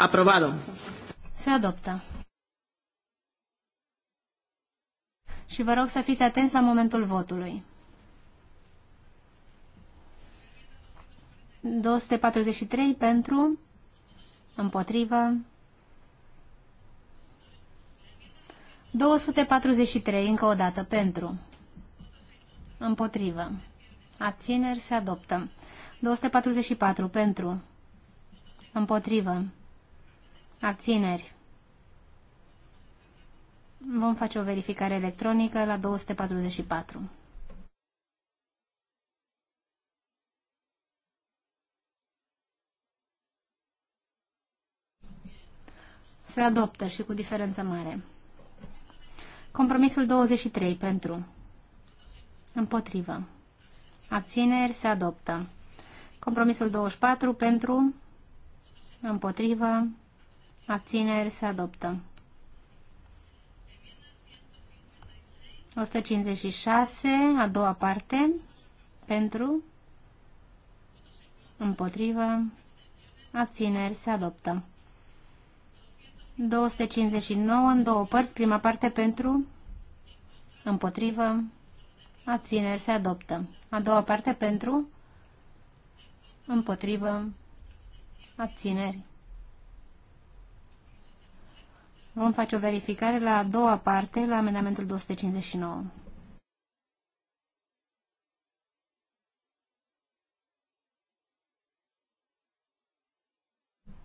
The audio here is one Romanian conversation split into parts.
Aprobado. Se adoptă. Și vă rog să fiți atenți la momentul votului. 243 pentru, împotrivă, 243 încă o dată pentru, împotrivă, abțineri se adoptă, 244 pentru, împotrivă, Abțineri. Vom face o verificare electronică la 244. Se adoptă și cu diferență mare. Compromisul 23 pentru. Împotrivă. Abțineri se adoptă. Compromisul 24 pentru. Împotrivă. Abțineri se adoptă. 156, a doua parte, pentru, împotrivă, abțineri se adoptă. 259 în două părți, prima parte pentru, împotrivă, abțineri se adoptă. A doua parte pentru, împotrivă, abțineri Vom face o verificare la a doua parte, la amendamentul 259.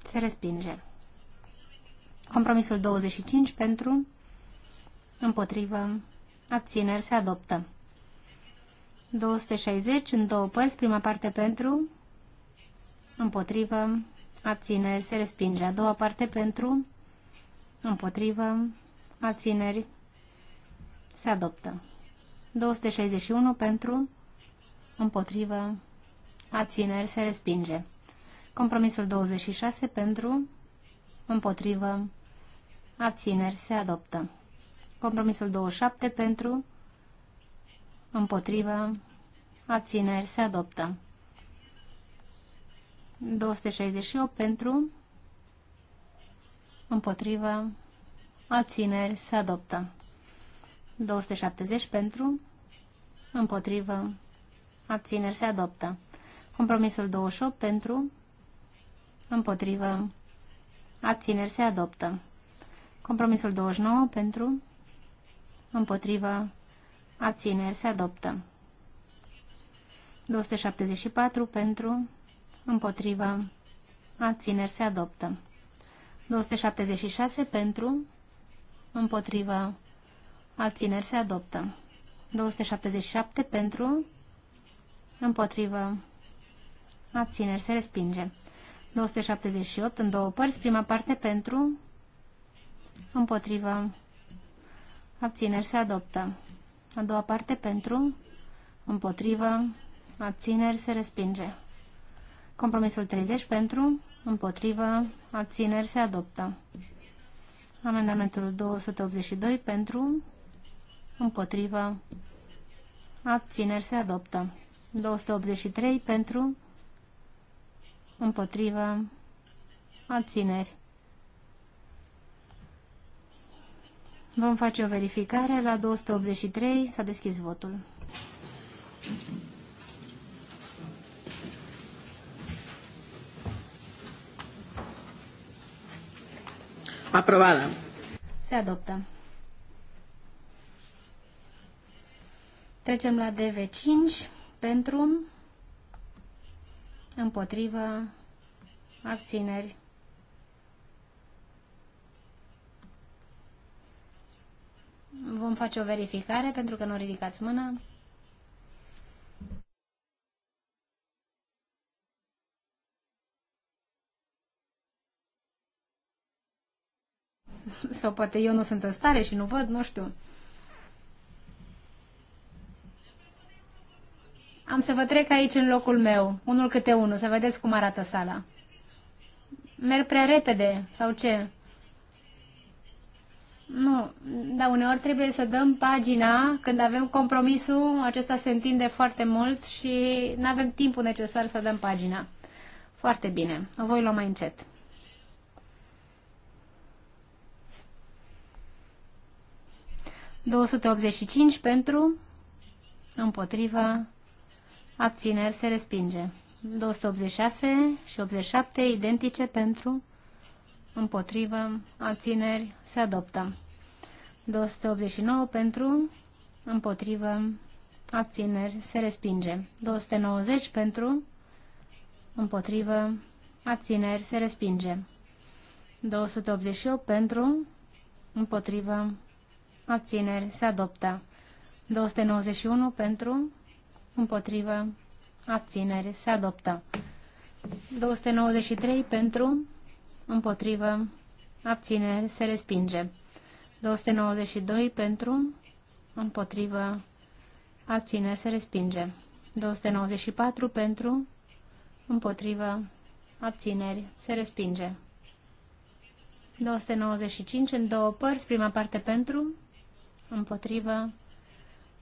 Se respinge. Compromisul 25 pentru, împotrivă, abțineri se adoptă. 260 în două părți, prima parte pentru, împotrivă, abțineri se respinge. A doua parte pentru, împotrivă, abțineri, se adoptă. 261 pentru, împotrivă, abțineri, se respinge. Compromisul 26 pentru, împotrivă, abțineri, se adoptă. Compromisul 27 pentru, împotrivă, abțineri, se adoptă. 268 pentru, împotrivă, abțineri, se adoptă. 270 pentru, împotrivă, abțineri, se adoptă. Compromisul 28 pentru, împotrivă, abțineri, se adoptă. Compromisul 29 pentru, împotrivă, abțineri, se adoptă. 274 pentru, împotrivă, abțineri, se adoptă. 276 pentru, împotrivă, abțineri se adoptă. 277 pentru, împotrivă, abțineri se respinge. 278 în două părți, prima parte pentru, împotrivă, abțineri se adoptă. A doua parte pentru, împotrivă, abțineri se respinge. Compromisul 30 pentru, împotrivă, abțineri se adoptă. Amendamentul 282 pentru, împotrivă, abțineri se adoptă. 283 pentru, împotrivă, abțineri. Vom face o verificare. La 283 s-a deschis votul. aprobada. Se adoptă. Trecem la DV5 pentru, împotriva abțineri. Vom face o verificare pentru că nu ridicați mâna. sau poate eu nu sunt în stare și nu văd, nu știu. Am să vă trec aici în locul meu, unul câte unul, să vedeți cum arată sala. Merg prea repede, sau ce? Nu, dar uneori trebuie să dăm pagina când avem compromisul, acesta se întinde foarte mult și nu avem timpul necesar să dăm pagina. Foarte bine, o voi lua mai încet. 285 pentru, împotrivă, abțineri, se respinge. 286 și 87 identice pentru, împotrivă, abțineri, se adoptă. 289 pentru, împotrivă, abțineri, se respinge. 290 pentru, împotrivă, abțineri, se respinge. 288 pentru, împotrivă, abțineri, se adoptă. 291 pentru, împotrivă, abțineri, se adoptă. 293 pentru, împotrivă, abțineri, se respinge. 292 pentru, împotrivă, abțineri, se respinge. 294 pentru, împotrivă, abțineri, se respinge. 295 în două părți, prima parte pentru, împotrivă,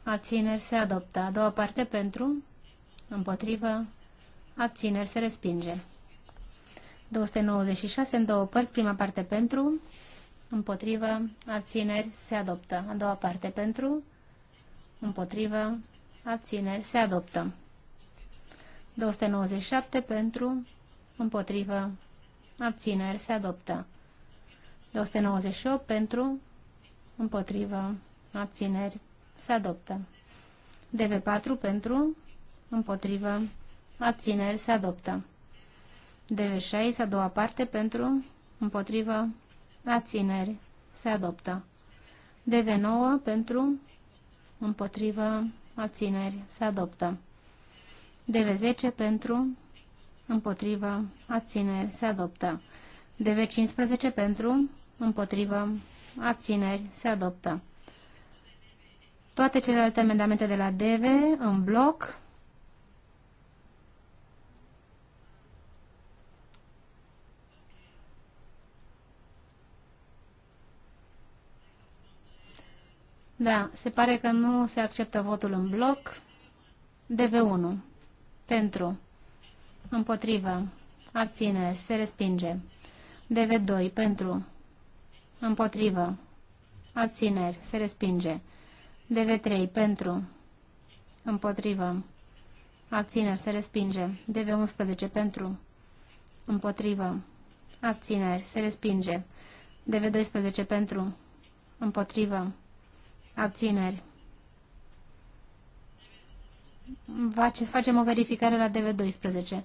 abțineri se adoptă. A doua parte pentru, împotrivă, abțineri se respinge. 296 în două părți, prima parte pentru, împotrivă, abțineri se adoptă. A doua parte pentru, împotrivă, abțineri se adoptă. 297 pentru, împotrivă, abțineri se adoptă. 298 pentru, împotrivă, abțineri, se adoptă. DV4 pentru, împotrivă, abțineri, se adoptă. DV6, a doua parte, pentru, împotrivă, abțineri, se adoptă. DV9 pentru, împotrivă, abțineri, se adoptă. DV10 pentru, împotrivă, abțineri, se adoptă. DV15 pentru, împotrivă, abțineri, se adoptă. Toate celelalte amendamente de la DV în bloc. Da, se pare că nu se acceptă votul în bloc. DV1. Pentru. Împotrivă. Abțineri. Se respinge. DV2. Pentru. Împotrivă. Abțineri. Se respinge. DV3 pentru, împotrivă, abțineri, se respinge. DV11 pentru, împotrivă, abțineri, se respinge. DV12 pentru, împotrivă, abțineri. Facem o verificare la DV12.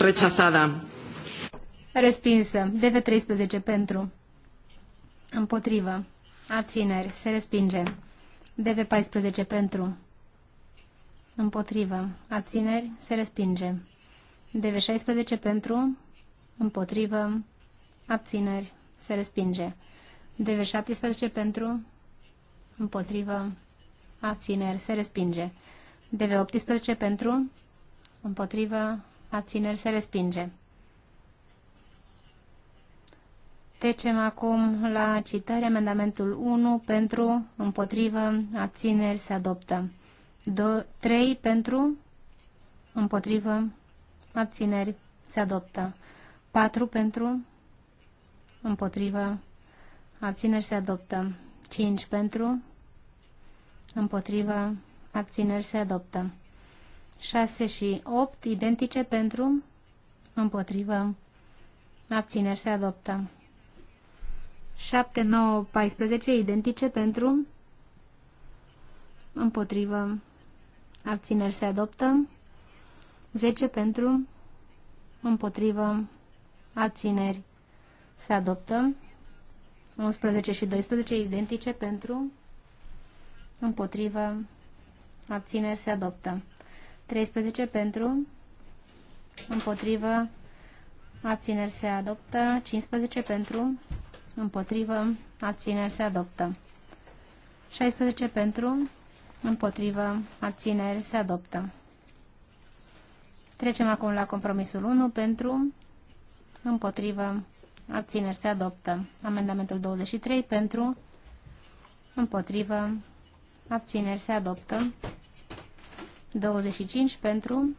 rechazada. Respinsă. DV13 pentru. Împotrivă. Abțineri. Se respinge. DV14 pentru. Împotrivă. Abțineri. Se respinge. DV16 pentru. Împotrivă. Abțineri. Se respinge. DV17 pentru. Împotrivă. Abțineri. Se respinge. DV18 pentru. Împotrivă abțineri se respinge. Trecem acum la citare amendamentul 1 pentru, împotrivă, abțineri se adoptă. 2, 3 pentru, împotrivă, abțineri se adoptă. 4 pentru, împotrivă, abțineri se adoptă. 5 pentru, împotrivă, abțineri se adoptă. 6 și 8 identice pentru, împotrivă, abțineri se adoptă. 7, 9, 14 identice pentru, împotrivă, abțineri se adoptă. 10 pentru, împotrivă, abțineri se adoptă. 11 și 12 identice pentru, împotrivă, abțineri se adoptă. 13 pentru, împotrivă, abțineri se adoptă. 15 pentru, împotrivă, abțineri se adoptă. 16 pentru, împotrivă, abțineri se adoptă. Trecem acum la compromisul 1 pentru, împotrivă, abțineri se adoptă. Amendamentul 23 pentru, împotrivă, abțineri se adoptă. 25 pentru,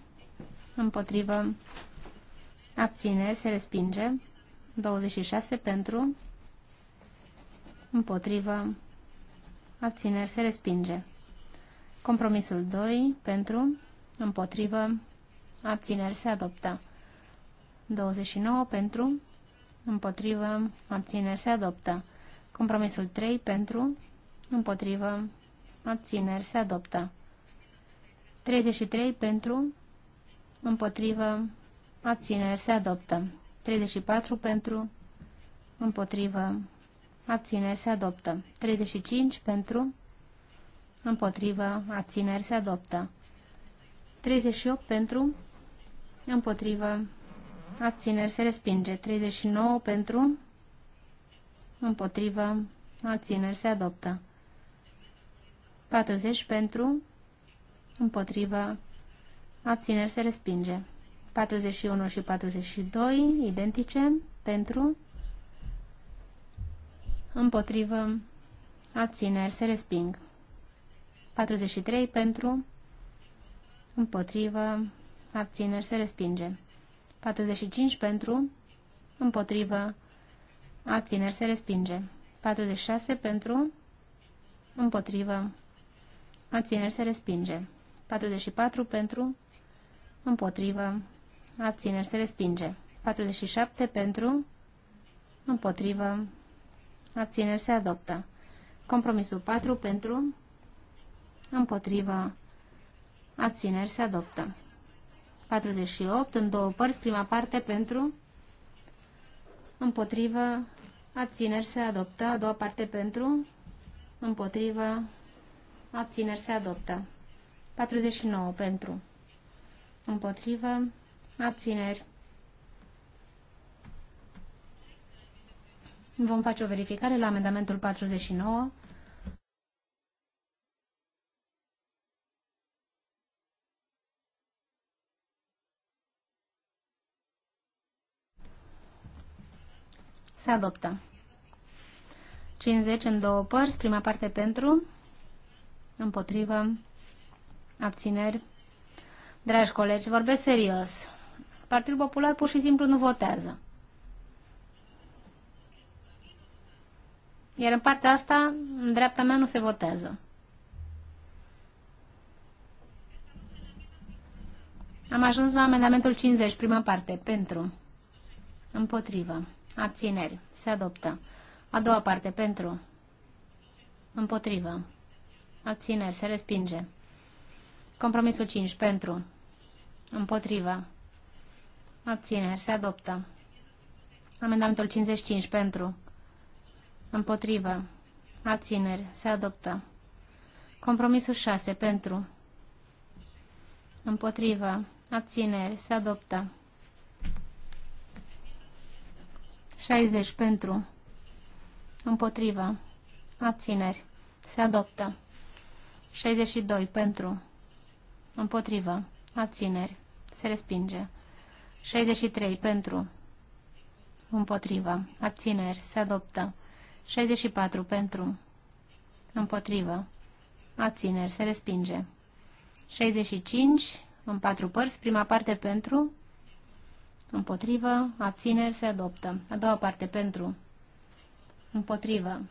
împotrivă, abține, se respinge. 26 pentru, împotrivă, abține, se respinge. Compromisul 2 pentru, împotrivă, abțineri, se adoptă. 29 pentru, împotrivă, abțineri, se adoptă. Compromisul 3 pentru, împotrivă, abțineri, se adoptă. 33 pentru, împotrivă, abținere, se adoptă. 34 pentru, împotrivă, abținere, se adoptă. 35 pentru, împotrivă, abținere, se adoptă. 38 pentru, împotrivă, abțineri, se respinge. 39 pentru, împotrivă, abțineri, se adoptă. 40 pentru, împotrivă, abțineri se respinge. 41 și 42, identice, pentru, împotrivă, abțineri se resping. 43 pentru, împotrivă, abțineri se respinge. 45 pentru, împotrivă, abțineri se respinge. 46 pentru, împotrivă, abțineri se respinge. 44 pentru, împotrivă, abțineri se respinge. 47 pentru, împotrivă, abțineri se adoptă. Compromisul 4 pentru, împotrivă, abțineri se adoptă. 48 în două părți, prima parte pentru, împotrivă, abțineri se adoptă, a doua parte pentru, împotrivă, abțineri se adoptă. 49 pentru. Împotrivă. Abțineri. Vom face o verificare la amendamentul 49. Se adoptă. 50 în două părți, prima parte pentru, împotrivă, Abțineri? Dragi colegi, vorbesc serios. Partidul Popular pur și simplu nu votează. Iar în partea asta, în dreapta mea, nu se votează. Am ajuns la amendamentul 50, prima parte. Pentru. Împotrivă. Abțineri. Se adoptă. A doua parte. Pentru. Împotrivă. Abțineri. Se respinge. Compromisul 5 pentru. Împotrivă. Abțineri. Se adoptă. Amendamentul 55 pentru. Împotrivă. Abțineri. Se adoptă. Compromisul 6 pentru. Împotrivă. Abțineri. Se adoptă. 60 pentru. Împotrivă. Abțineri. Se adoptă. 62 pentru. Împotrivă. Abțineri. Se respinge. 63. Pentru. Împotrivă. Abțineri. Se adoptă. 64. Pentru. Împotrivă. Abțineri. Se respinge. 65. În patru părți. Prima parte pentru. Împotrivă. Abțineri. Se adoptă. A doua parte pentru. Împotrivă.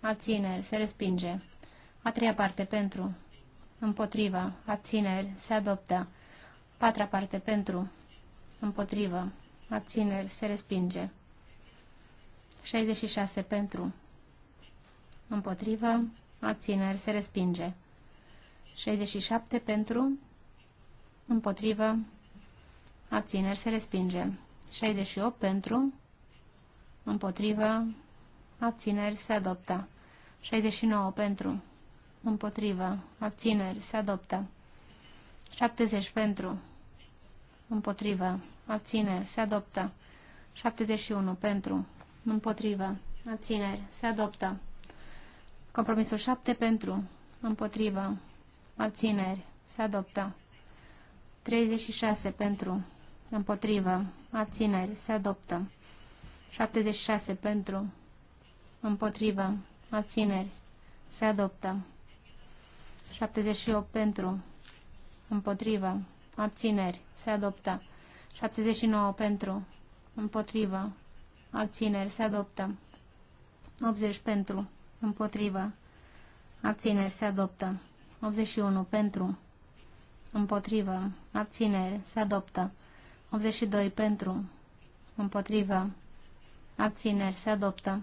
Abțineri. Se respinge. A treia parte pentru împotrivă, abțineri, se adoptă. Patra parte, pentru, împotrivă, abțineri, se respinge. 66, pentru, împotrivă, abțineri, se respinge. 67, pentru, împotrivă, abțineri, se respinge. 68, pentru, împotrivă, abțineri, se adoptă. 69, pentru, împotrivă, abțineri, se adoptă. 70 pentru, împotrivă, abțineri, se adoptă. 71 pentru, împotrivă, abțineri, se adoptă. Compromisul 7 pentru, împotrivă, abțineri, se adoptă. 36 pentru, împotrivă, abțineri, se adoptă. 76 pentru, împotrivă, abțineri, se adoptă. 78 pentru, împotrivă, abțineri, se adoptă. 79 pentru, împotrivă, abțineri, se adoptă. 80 pentru, împotrivă, abțineri, se adoptă. 81 pentru, împotrivă, abțineri, se adoptă. 82 pentru, împotrivă, abțineri, se adoptă.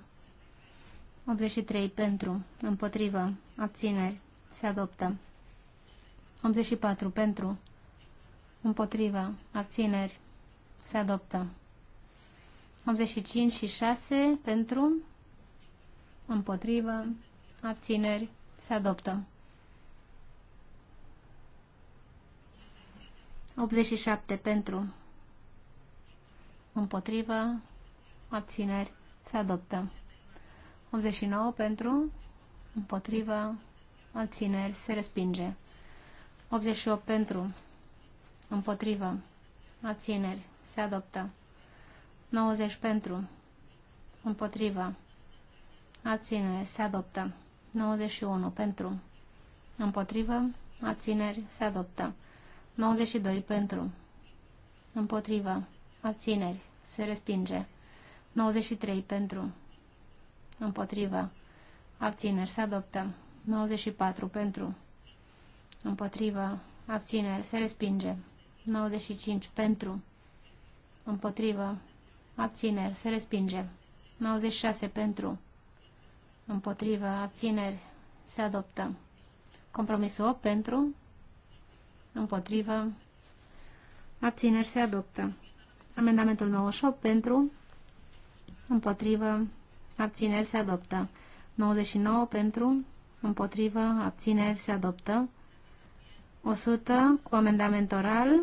83 pentru, împotrivă, abțineri, se adoptă. 84 pentru. Împotriva. Abțineri. Se adoptă. 85 și 6 pentru. împotriva, Abțineri. Se adoptă. 87 pentru. împotriva, Abțineri. Se adoptă. 89 pentru. împotriva, abțineri, se respinge. 88 pentru, împotrivă, abțineri, se adoptă. 90 pentru, împotrivă, abțineri, se adoptă. 91 pentru, împotrivă, abțineri, se adoptă. 92 pentru, împotrivă, abțineri, se respinge. 93 pentru, împotrivă, abțineri, se adoptă. 94 pentru, împotrivă, abțineri, se respinge. 95 pentru, împotrivă, abțineri, se respinge. 96 pentru, împotrivă, abțineri, se adoptă. Compromisul 8 pentru, împotrivă, abțineri, se adoptă. Amendamentul 98 pentru, împotrivă, abțineri, se adoptă. 99 pentru, împotrivă, abțineri, se adoptă. 100 cu amendament oral,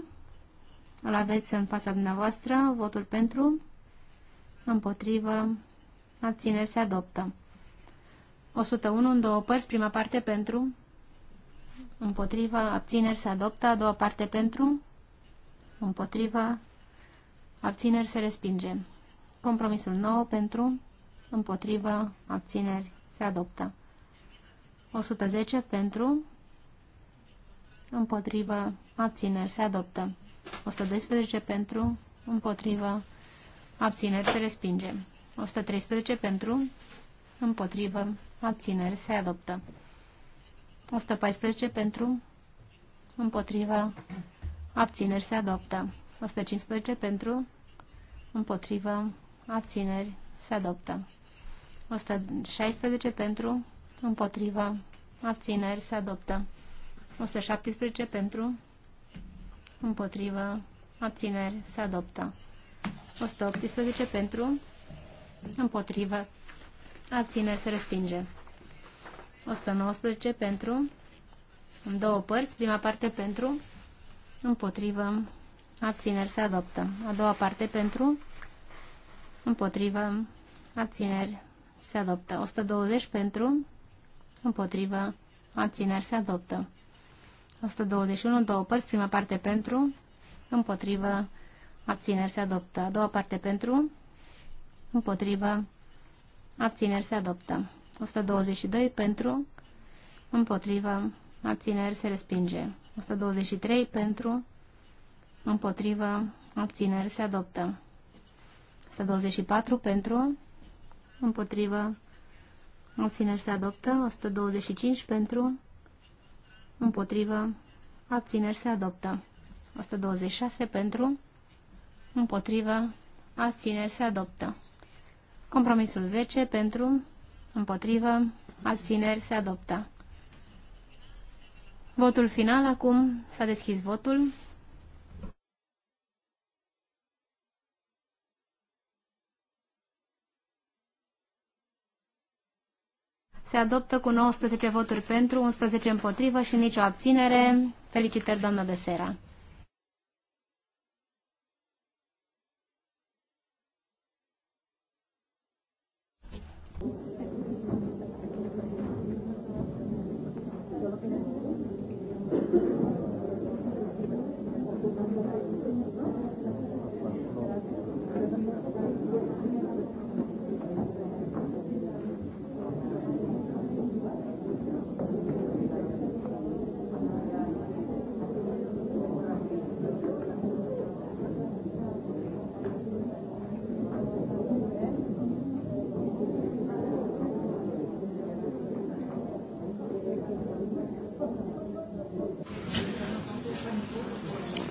îl aveți în fața dumneavoastră, votul pentru, împotrivă, abțineri, se adoptă. 101 în două părți, prima parte pentru, împotrivă, abțineri, se adoptă, a doua parte pentru, împotrivă, abțineri, se respinge. Compromisul 9 pentru, împotrivă, abțineri, se adoptă. 110 pentru, împotrivă, abțineri, se adoptă. 112 pentru, împotrivă, abțineri, se respinge. 113 pentru, împotrivă, abțineri, se adoptă. 114 pentru, împotrivă, abțineri, se adoptă. 115 pentru, împotrivă, abțineri, se adoptă. 116 pentru, împotriva, abțineri, se adoptă. 117 pentru, împotrivă, abțineri, se adoptă. 118 pentru, împotrivă, abțineri, se respinge. 119 pentru, în două părți, prima parte pentru, împotrivă, abțineri, se adoptă. A doua parte pentru, împotrivă, abțineri, se adoptă. 120 pentru, împotrivă, abțineri se adoptă. 121, două părți, prima parte pentru, împotrivă, abțineri se adoptă. A doua parte pentru, împotrivă, abțineri se adoptă. 122 pentru, împotrivă, abțineri se respinge. 123 pentru, împotrivă, abțineri se adoptă. 124 pentru, împotrivă, Abțineri se adoptă. 125 pentru. Împotrivă. Abțineri se adoptă. 126 pentru. Împotrivă. Abțineri se adoptă. Compromisul 10 pentru. Împotrivă. Abțineri se adoptă. Votul final acum. S-a deschis votul. Se adoptă cu 19 voturi pentru, 11 împotrivă și nicio abținere. Felicitări, doamnă Besera!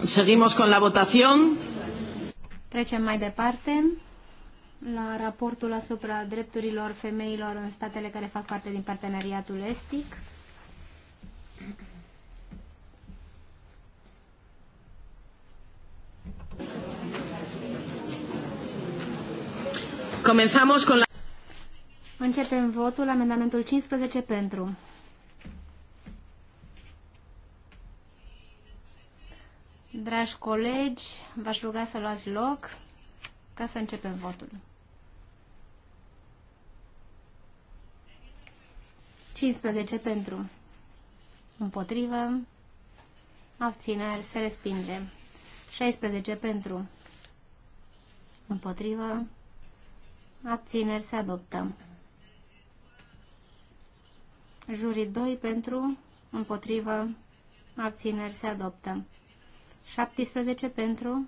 Seguimos con la votación. Trecem mai departe la raportul asupra drepturilor femeilor în statele care fac parte din parteneriatul estic. Comenzamos con la... Începem votul, amendamentul 15 pentru. Dragi colegi, v-aș ruga să luați loc ca să începem votul. 15 pentru, împotrivă, abțineri, se respinge. 16 pentru, împotrivă, abțineri, se adoptă. Jurii 2 pentru, împotrivă, abțineri, se adoptă. 17 pentru,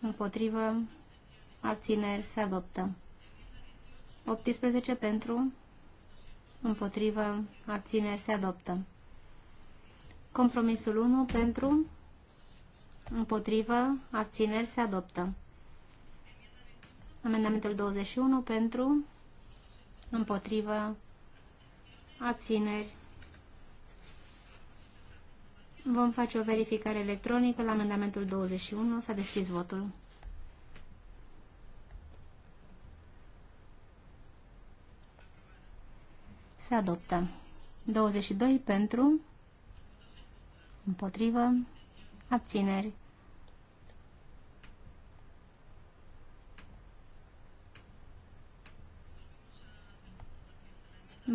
împotrivă, abțineri, se adoptă. 18 pentru, împotrivă, abțineri, se adoptă. Compromisul 1 pentru, împotrivă, abțineri, se adoptă. Amendamentul 21 pentru, împotrivă, abțineri, Vom face o verificare electronică la amendamentul 21. S-a deschis votul. Se adoptă. 22 pentru, împotrivă, abțineri.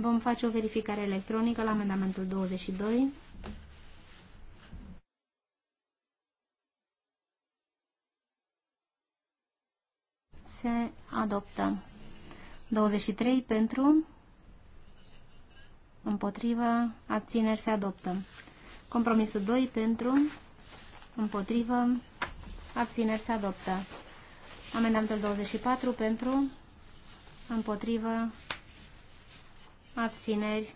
Vom face o verificare electronică la amendamentul 22. se adoptă. 23 pentru, împotrivă, abțineri se adoptă. Compromisul 2 pentru, împotrivă, abțineri se adoptă. Amendamentul 24 pentru, împotrivă, abțineri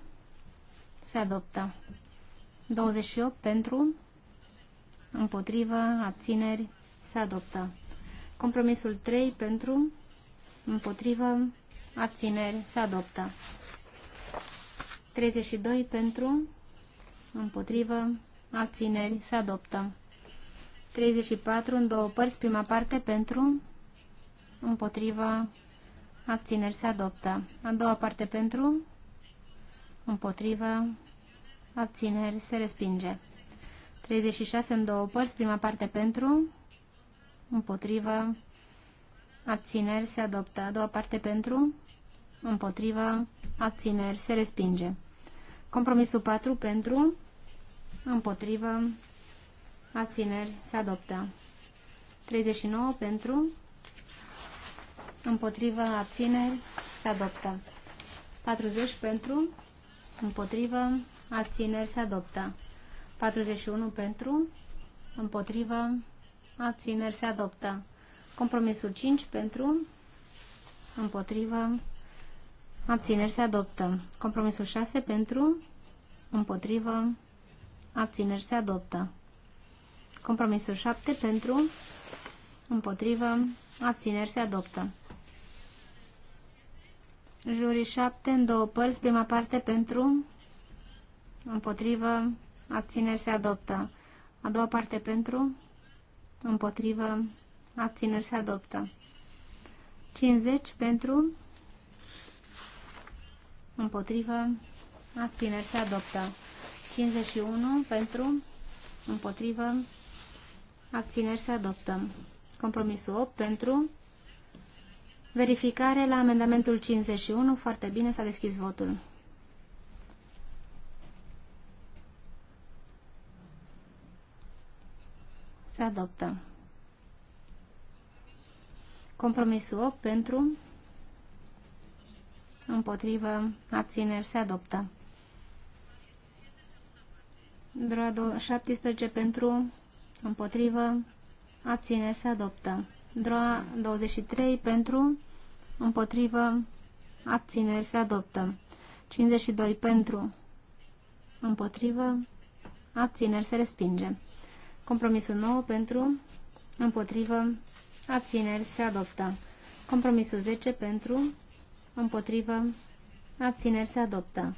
se adoptă. 28 pentru, împotrivă, abțineri se adoptă. Compromisul 3 pentru, împotrivă, abțineri, se adoptă. 32 pentru, împotrivă, abțineri, se adoptă. 34 în două părți, prima parte pentru, împotrivă, abțineri, se adoptă. A doua parte pentru, împotrivă, abțineri, se respinge. 36 în două părți, prima parte pentru, împotrivă, abțineri se adoptă. A doua parte pentru, împotrivă, abțineri se respinge. Compromisul 4 pentru, împotrivă, abțineri se adoptă. 39 pentru, împotrivă, abțineri se adoptă. 40 pentru, împotrivă, abțineri se adoptă. 41 pentru, împotrivă, abțineri se adoptă. Compromisul 5 pentru, împotrivă, abțineri se adoptă. Compromisul 6 pentru, împotrivă, abțineri se adoptă. Compromisul 7 pentru, împotrivă, abțineri se adoptă. Juri 7 în două părți, prima parte pentru, împotrivă, abțineri se adoptă. A doua parte pentru, împotrivă, abțineri se adoptă. 50 pentru, împotrivă, abțineri se adoptă. 51 pentru, împotrivă, abțineri se adoptă. Compromisul 8 pentru, verificare la amendamentul 51, foarte bine s-a deschis votul. Se adoptă. Compromisul 8 pentru, împotrivă, abțineri. Se adoptă. Droa 17 pentru, împotrivă, abțineri se adoptă. Droa 23 pentru, împotrivă, abțineri se adoptă. 52 pentru, împotrivă, abțineri, se respinge. Compromisul 9 pentru, împotrivă, abțineri se adoptă. Compromisul 10 pentru, împotrivă, abțineri se adoptă.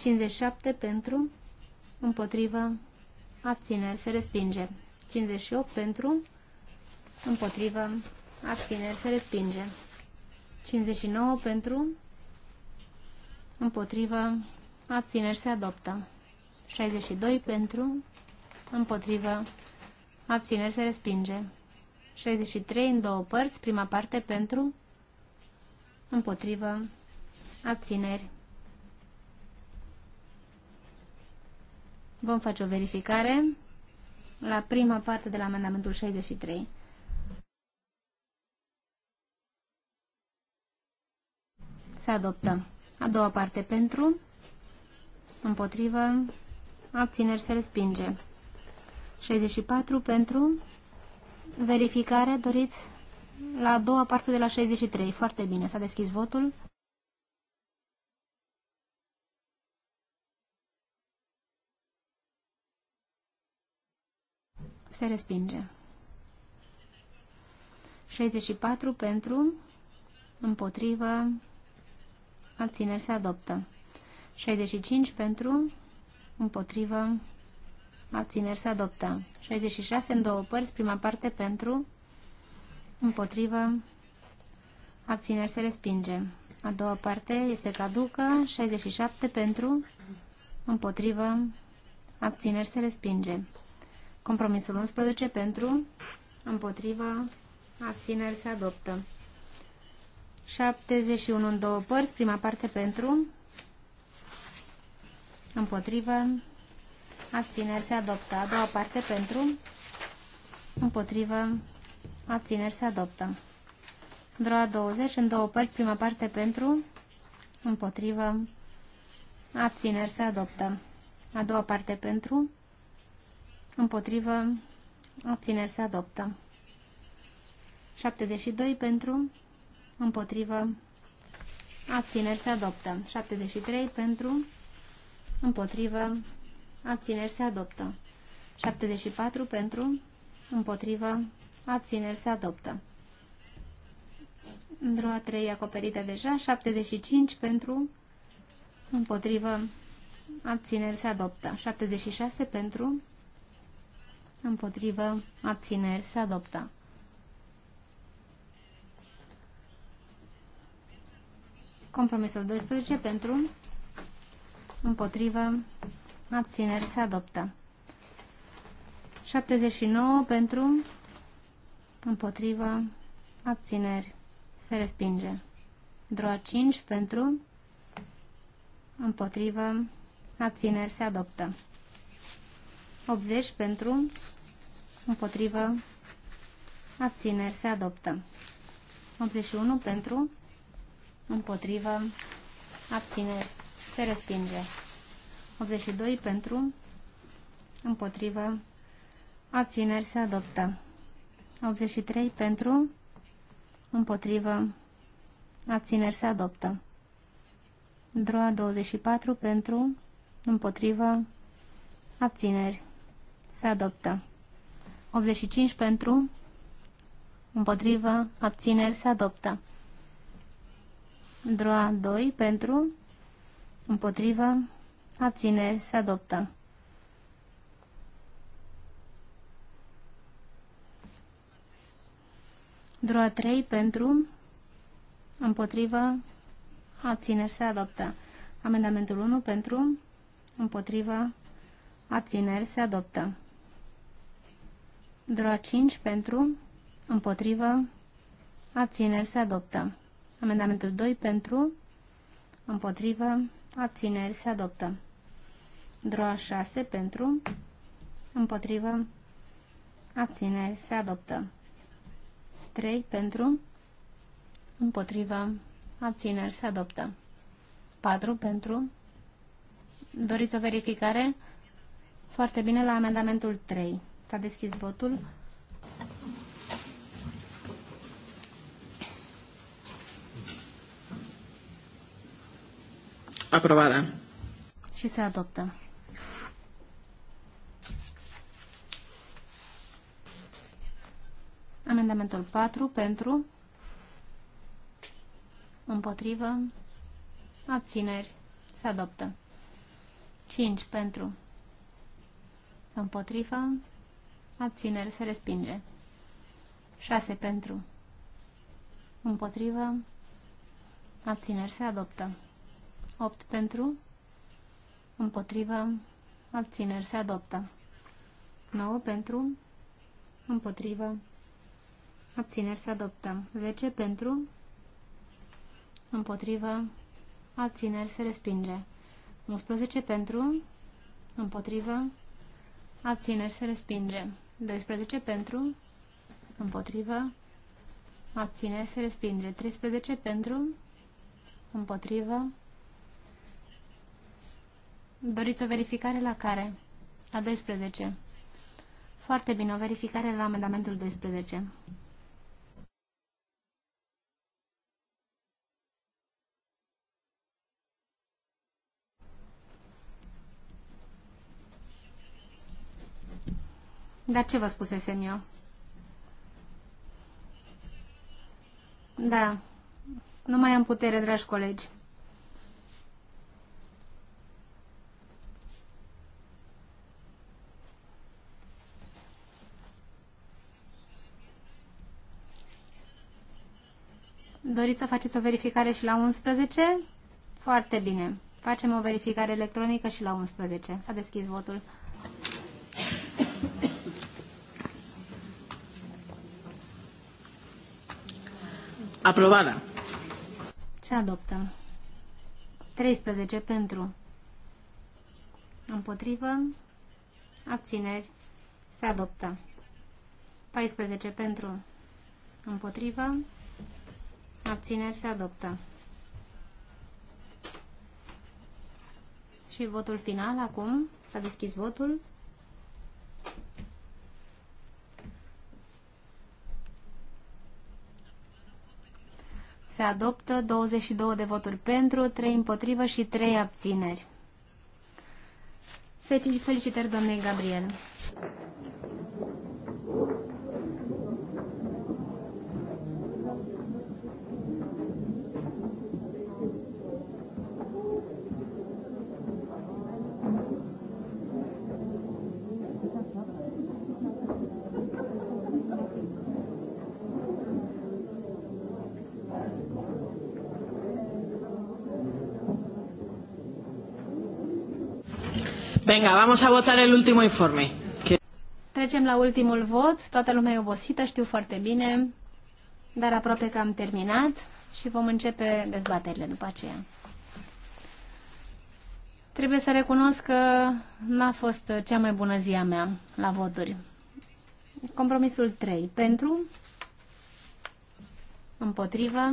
57 pentru, împotrivă, abțineri se respinge. 58 pentru, împotrivă, abțineri se respinge. 59 pentru, împotrivă, abțineri se adoptă. 62 pentru, împotrivă, abțineri se respinge. 63 în două părți, prima parte pentru, împotrivă, abțineri. Vom face o verificare la prima parte de la amendamentul 63. Se adoptă. A doua parte pentru, împotrivă, abțineri se respinge. 64 pentru verificare. Doriți la a doua parte de la 63. Foarte bine. S-a deschis votul. Se respinge. 64 pentru, împotrivă, abțineri se adoptă. 65 pentru, împotrivă, abțineri se adoptă. 66 în două părți, prima parte pentru, împotrivă, abțineri se respinge. A doua parte este caducă, 67 pentru, împotrivă, abțineri se respinge. Compromisul 11 pentru, împotrivă, abțineri se adoptă. 71 în două părți, prima parte pentru, împotrivă, abțineri se adoptă. A doua parte pentru, împotrivă, abțineri se adoptă. Droa 20 în două părți, prima parte pentru, împotrivă, abțineri se adoptă. A doua parte pentru, împotrivă, abțineri se adoptă. 72 pentru, împotrivă, abțineri se adoptă. 73 pentru, împotrivă, abțineri se adoptă. 74 pentru, împotrivă, abțineri se adoptă. a treia acoperită deja, 75 pentru, împotrivă, abțineri se adoptă. 76 pentru, împotrivă, abțineri se adoptă. Compromisul 12 pentru, împotrivă, abțineri se adoptă. 79 pentru, împotrivă, abțineri se respinge. Droa 5 pentru, împotrivă, abțineri se adoptă. 80 pentru, împotrivă, abțineri se adoptă. 81 pentru, împotrivă, abțineri se respinge. 82 pentru, împotrivă, abțineri se adoptă. 83 pentru, împotrivă, abțineri se adoptă. Droa 24 pentru, împotrivă, abțineri se adoptă. 85 pentru, împotrivă, abțineri se adoptă. Droa 2 pentru, împotrivă, Abțineri. Se adoptă. Droa 3 pentru, împotrivă, abțineri se adoptă. Amendamentul 1 pentru, împotrivă, abțineri se adoptă. Droa 5 pentru, împotrivă, abțineri se adoptă. Amendamentul 2 pentru, împotrivă, abțineri se adoptă. DROA 6 pentru, împotrivă, abțineri, se adoptă. 3 pentru, împotrivă, abțineri, se adoptă. 4 pentru, doriți o verificare? Foarte bine, la amendamentul 3. S-a deschis votul. Aprobada. Și se adoptă. Amendamentul 4 pentru, împotrivă, abțineri, se adoptă. 5 pentru, împotrivă, abțineri, se respinge. 6 pentru, împotrivă, abțineri, se adoptă. 8 pentru, împotrivă, abțineri, se adoptă. 9 pentru, împotrivă, Abțineri se adoptă. 10 pentru. Împotrivă. Abțineri se respinge. 11 pentru. Împotrivă. Abțineri se respinge. 12 pentru. Împotrivă. Abțineri se respinge. 13 pentru. Împotrivă. Doriți o verificare la care? La 12. Foarte bine, o verificare la amendamentul 12. Dar ce vă spusesem eu? Da, nu mai am putere, dragi colegi. Doriți să faceți o verificare și la 11? Foarte bine. Facem o verificare electronică și la 11. S-a deschis votul. Aprobada. Se adoptă. 13 pentru. Împotrivă. Abțineri. Se adoptă. 14 pentru. Împotrivă. Abțineri. Se adoptă. Și votul final acum. S-a deschis votul. Se adoptă 22 de voturi pentru, 3 împotrivă și 3 abțineri. Felicitări, domnule Gabriel. Venga, vamos a votar el último informe. Trecem la ultimul vot. Toată lumea e obosită, știu foarte bine, dar aproape că am terminat și vom începe dezbaterile după aceea. Trebuie să recunosc că n-a fost cea mai bună zi a mea la voturi. Compromisul 3. Pentru, împotrivă,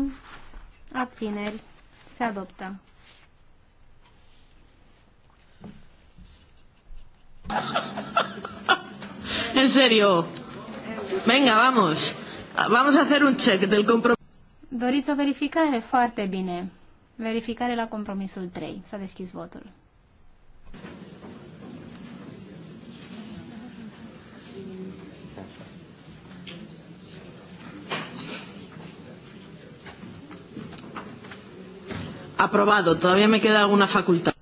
abțineri, se adoptă. en serio. Venga, vamos. Vamos a hacer un check del compromiso. Doriți o verificare? Foarte bine. Verificare la compromisul 3. S-a deschis votul. Aprobado. Todavía me queda alguna facultad.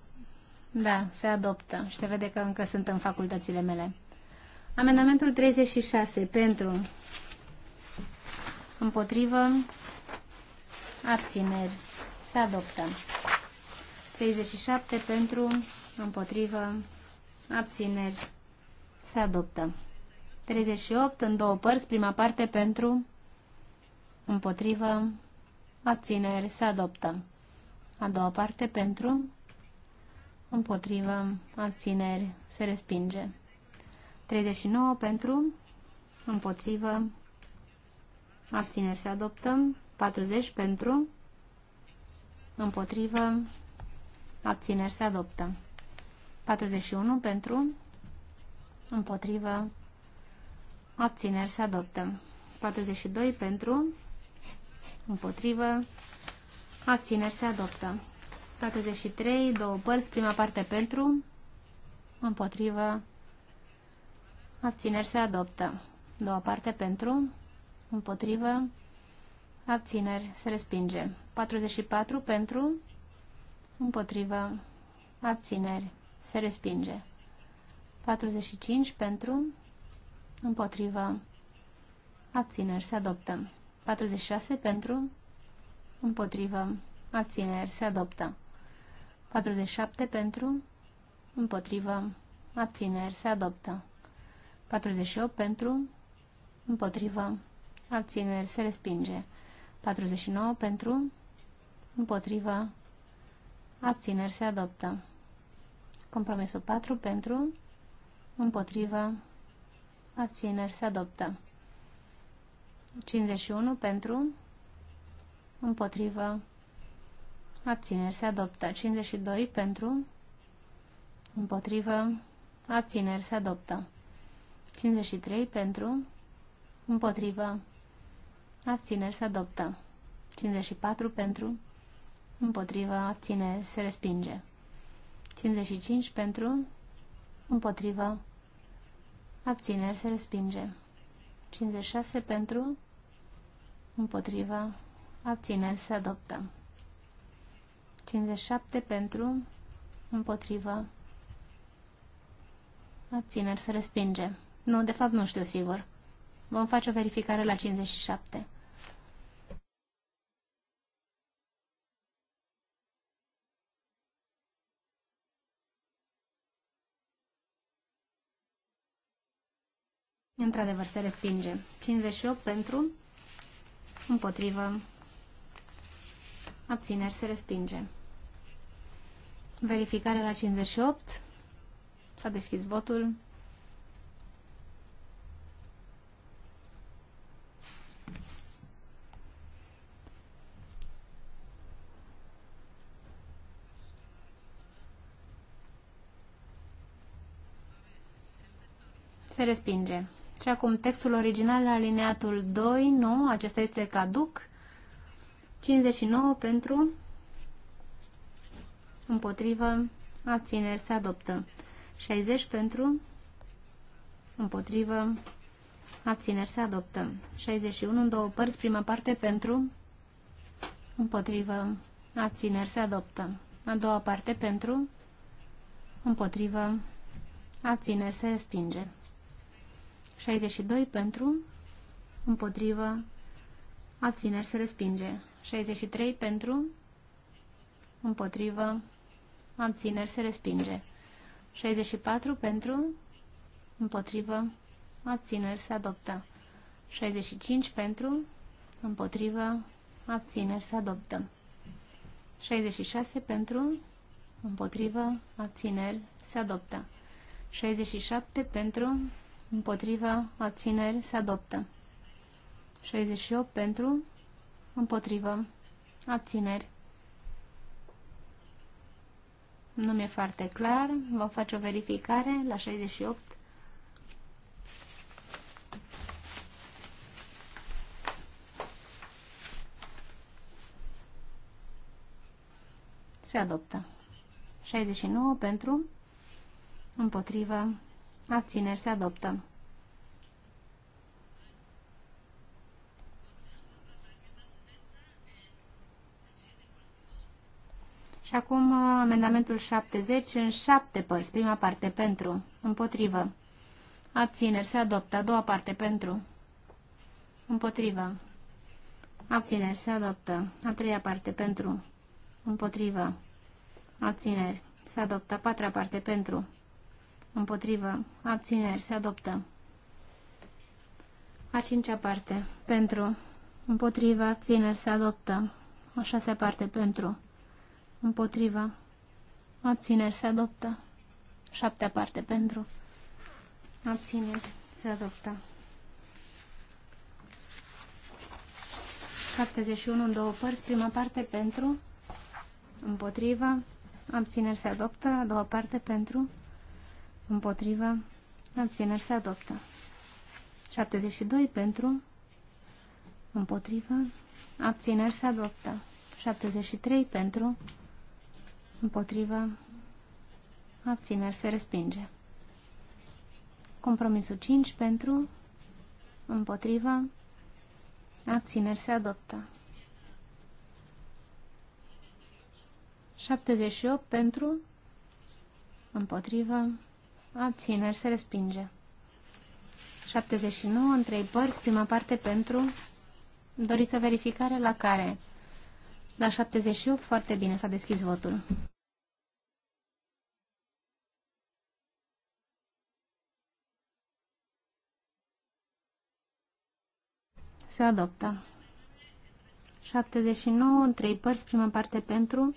Da, se adoptă și se vede că încă sunt în facultățile mele. Amendamentul 36 pentru împotrivă abțineri se adoptă. 37 pentru împotrivă abțineri se adoptă. 38 în două părți, prima parte pentru împotrivă abțineri se adoptă. A doua parte pentru împotrivă, abțineri, se respinge. 39 pentru, împotrivă, abțineri, se adoptă. 40 pentru, împotrivă, abțineri, se adoptă. 41 pentru, împotrivă, abțineri, se adoptă. 42 pentru, împotrivă, abțineri, se adoptă. 43, două părți, prima parte pentru, împotrivă, abțineri se adoptă. Doua parte pentru, împotrivă, abțineri se respinge. 44 pentru, împotrivă, abțineri se respinge. 45 pentru, împotrivă, abțineri se adoptă. 46 pentru, împotrivă, abțineri se adoptă. 47 pentru, împotrivă, abțineri, se adoptă. 48 pentru, împotrivă, abțineri, se respinge. 49 pentru, împotrivă, abțineri, se adoptă. Compromisul 4 pentru, împotrivă, abțineri, se adoptă. 51 pentru, împotrivă, abțineri se adoptă. 52 pentru, împotrivă, abțineri se adoptă. 53 pentru, împotrivă, abțineri se adoptă. 54 pentru, împotrivă, abțineri se respinge. 55 pentru, împotrivă, abțineri se respinge. 56 pentru, împotrivă, abțineri se adoptă. 57 pentru, împotrivă, abțineri, se respinge. Nu, de fapt nu știu sigur. Vom face o verificare la 57. Într-adevăr, se respinge. 58 pentru, împotrivă, abțineri, se respinge. Verificare la 58. S-a deschis votul. Se respinge. Și acum textul original la alineatul 2, nu, acesta este caduc. 59 pentru împotrivă, abțineri, se adoptă. 60 pentru, împotrivă, abțineri, se adoptă. 61 în două părți, prima parte pentru, împotrivă, abțineri, se adoptă. A doua parte pentru, împotrivă, abțineri, se respinge. 62 pentru, împotrivă, abțineri, se respinge. 63 pentru, împotrivă, abțineri, se respinge. 64 pentru, împotrivă, abțineri, se adoptă. 65 pentru, împotrivă, abțineri, se adoptă. 66 pentru, împotrivă, abțineri, se adoptă. 67 pentru, împotrivă, abțineri, se adoptă. 68 pentru, împotrivă, abțineri, nu mi-e foarte clar. Vom face o verificare la 68. Se adoptă. 69 pentru, împotrivă, abțineri se adoptă. Și acum uh, amendamentul 70 în șapte părți. Prima parte pentru, împotrivă. Abțineri se adoptă. A doua parte pentru, împotrivă. Abțineri se adoptă. A treia parte pentru, împotrivă. Abțineri se adoptă. A patra parte pentru, împotrivă. Abțineri se adoptă. A cincea parte pentru, împotrivă. Abțineri se adoptă. A șasea parte pentru, împotriva, abțineri se adoptă. Șaptea parte pentru, abțineri se adoptă. 71 în două părți, prima parte pentru, împotriva, abțineri se adoptă, a doua parte pentru, împotriva, abțineri se adoptă. 72 pentru, împotriva, abțineri se adoptă. 73 pentru, Împotrivă. Abțineri se respinge. Compromisul 5 pentru. Împotrivă. Abțineri se adoptă. 78 pentru. Împotrivă. Abțineri se respinge. 79 în trei părți, prima parte pentru. Doriți o verificare la care? La da, 78, foarte bine, s-a deschis votul. Se adoptă. 79, în trei părți, prima parte pentru,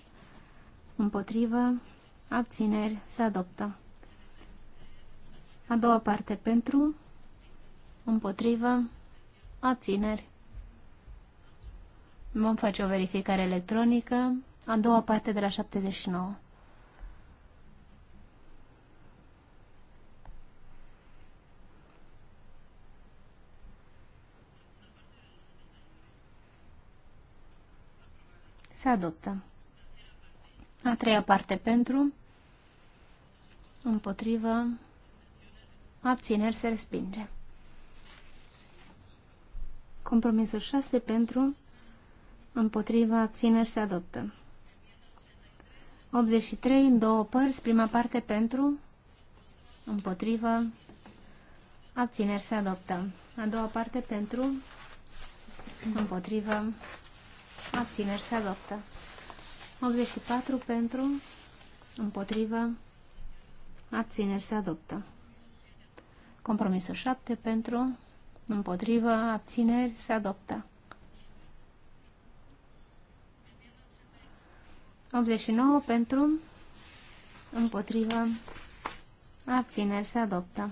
împotrivă, abțineri, se adoptă. A doua parte pentru, împotrivă, abțineri, Vom face o verificare electronică. A doua parte de la 79. Se adoptă. A treia parte pentru, împotrivă, abțineri se respinge. Compromisul 6 pentru, Împotriva abțineri, se adoptă. 83, în două părți, prima parte pentru, împotrivă, abțineri, se adoptă. A doua parte pentru, împotrivă, abțineri, se adoptă. 84 pentru, împotrivă, abțineri, se adoptă. Compromisul 7 pentru, împotrivă, abțineri, se adoptă. 89 pentru, împotrivă, abțineri se adoptă.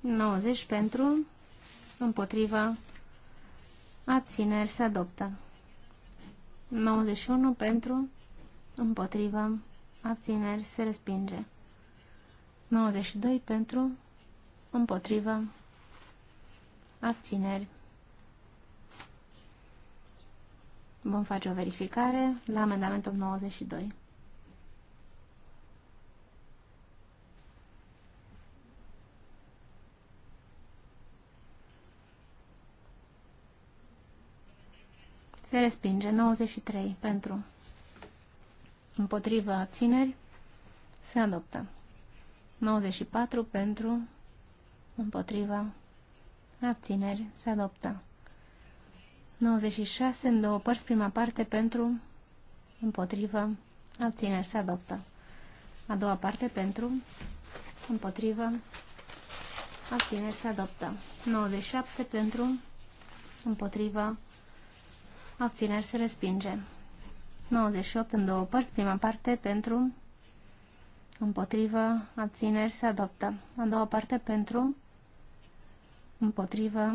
90 pentru, împotrivă, abțineri se adoptă. 91 pentru, împotrivă, abțineri se respinge. 92 pentru, împotrivă, abțineri Vom face o verificare la amendamentul 92. Se respinge 93 pentru împotrivă abțineri. Se adoptă 94 pentru împotriva abțineri. Se adoptă 96 în două părți, prima parte pentru, împotrivă, abțineri se adoptă. A doua parte pentru, împotrivă, abțineri se adoptă. 97 pentru, împotrivă, abțineri se respinge. 98 în două părți, prima parte pentru, împotrivă, abțineri se adoptă. A doua parte pentru, împotrivă,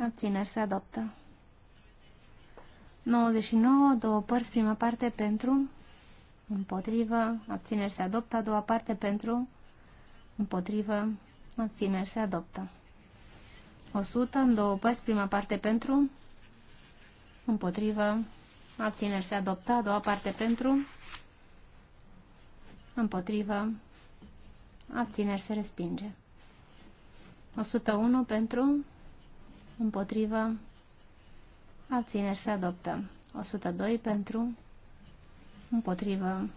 abțineri se adoptă. 99, două părți, prima parte pentru, împotrivă, abțineri se adoptă, a doua parte pentru, împotrivă, abțineri se adoptă. 100, în două părți, prima parte pentru, împotrivă, abțineri se adoptă, a doua parte pentru, împotrivă, abțineri se respinge. 101 pentru, împotrivă, Abțineri se adoptă. 102 pentru. Împotrivă.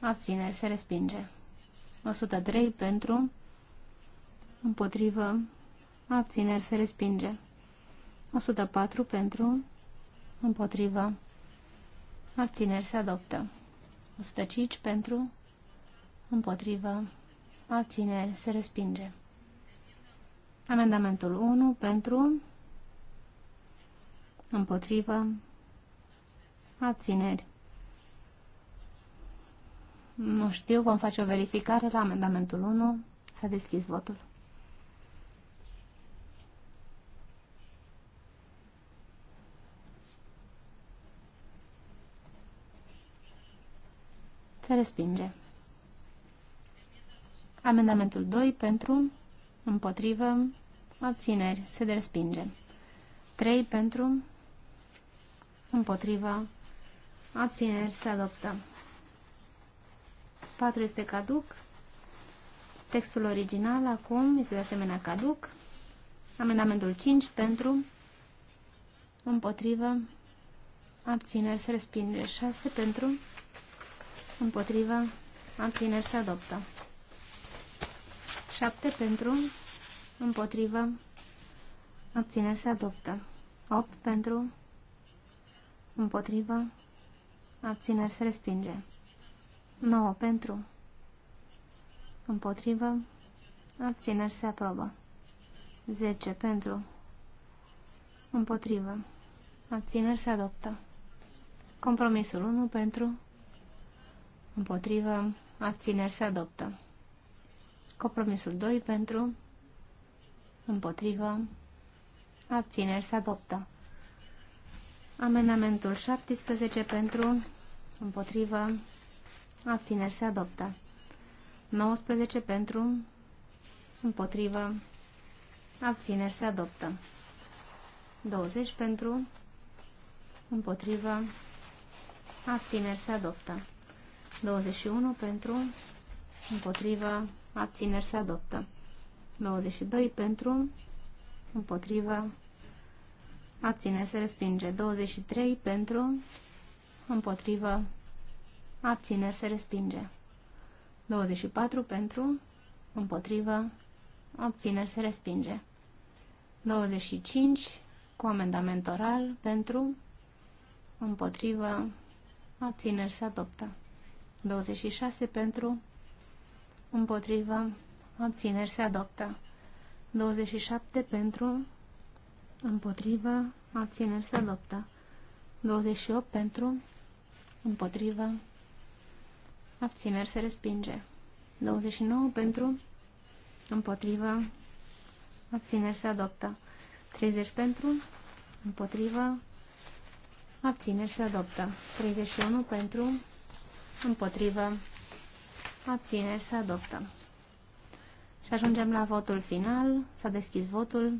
Abțineri se respinge. 103 pentru. Împotrivă. Abțineri se respinge. 104 pentru. Împotrivă. Abțineri se adoptă. 105 pentru. Împotrivă. Abțineri se respinge. Amendamentul 1 pentru împotriva abțineri. Nu știu, vom face o verificare la amendamentul 1. S-a deschis votul. Se respinge. Amendamentul 2 pentru, împotrivă, abțineri, se respinge. 3 pentru, împotriva, abțineri se adoptă. 4 este caduc. Textul original acum este de asemenea caduc. Amendamentul 5 pentru, împotrivă, abțineri se respinge. 6 pentru, împotrivă, abțineri se adoptă. 7 pentru, împotrivă, abțineri se adoptă. 8 pentru, Împotrivă. Abțineri se respinge. 9 pentru. Împotrivă. Abțineri se aprobă. 10 pentru. Împotrivă. Abțineri se adoptă. Compromisul 1 pentru. Împotrivă. Abțineri se adoptă. Compromisul 2 pentru. Împotrivă. Abțineri se adoptă. Amendamentul 17 pentru, împotrivă, abțineri se adoptă. 19 pentru, împotrivă, abțineri se adoptă. 20 pentru, împotrivă, abțineri se adoptă. 21 pentru, împotrivă, abțineri se adoptă. 22 pentru, împotrivă, Abține, se respinge. 23 pentru, împotrivă, abține, se respinge. 24 pentru, împotrivă, abține, se respinge. 25 cu amendament oral pentru, împotrivă, abțineri se adoptă. 26 pentru, împotrivă, abțineri se adoptă. 27 pentru, împotrivă, abțineri se adoptă. 28 pentru, împotrivă, abțineri se respinge. 29 pentru, împotrivă, abțineri se adoptă. 30 pentru, împotrivă, abțineri se adoptă. 31 pentru, împotrivă, abțineri se adoptă. Și ajungem la votul final. S-a deschis votul.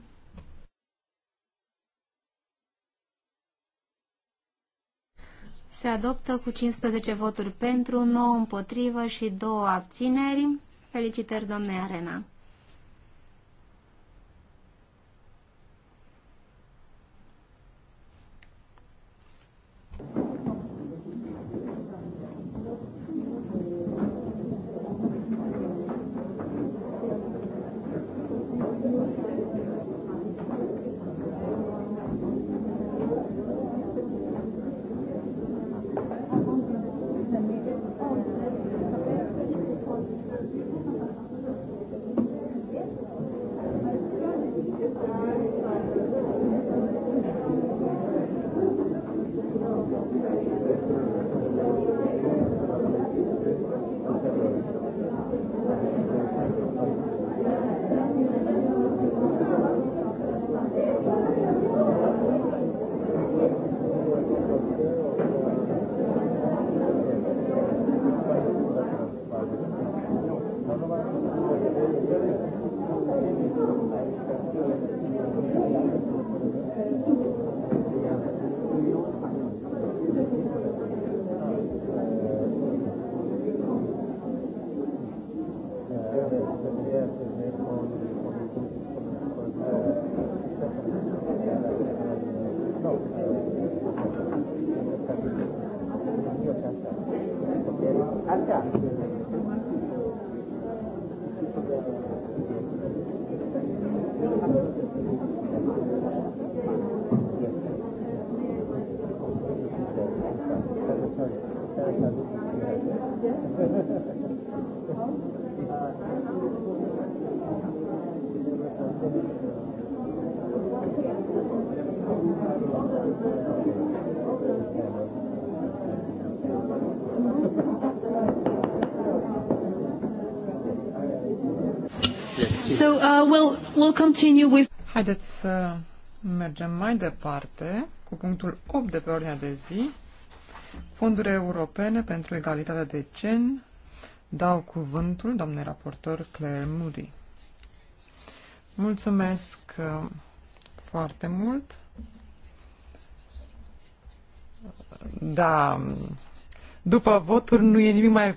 se adoptă cu 15 voturi pentru, 9 împotrivă și 2 abțineri. Felicitări, domnule Arena! So, uh, we'll, we'll continue with... Haideți să mergem mai departe cu punctul 8 de pe ordinea de zi. Fonduri europene pentru egalitatea de gen. Dau cuvântul doamnei raportor Claire Moody. Mulțumesc uh, foarte mult. Da, după voturi nu e nimic mai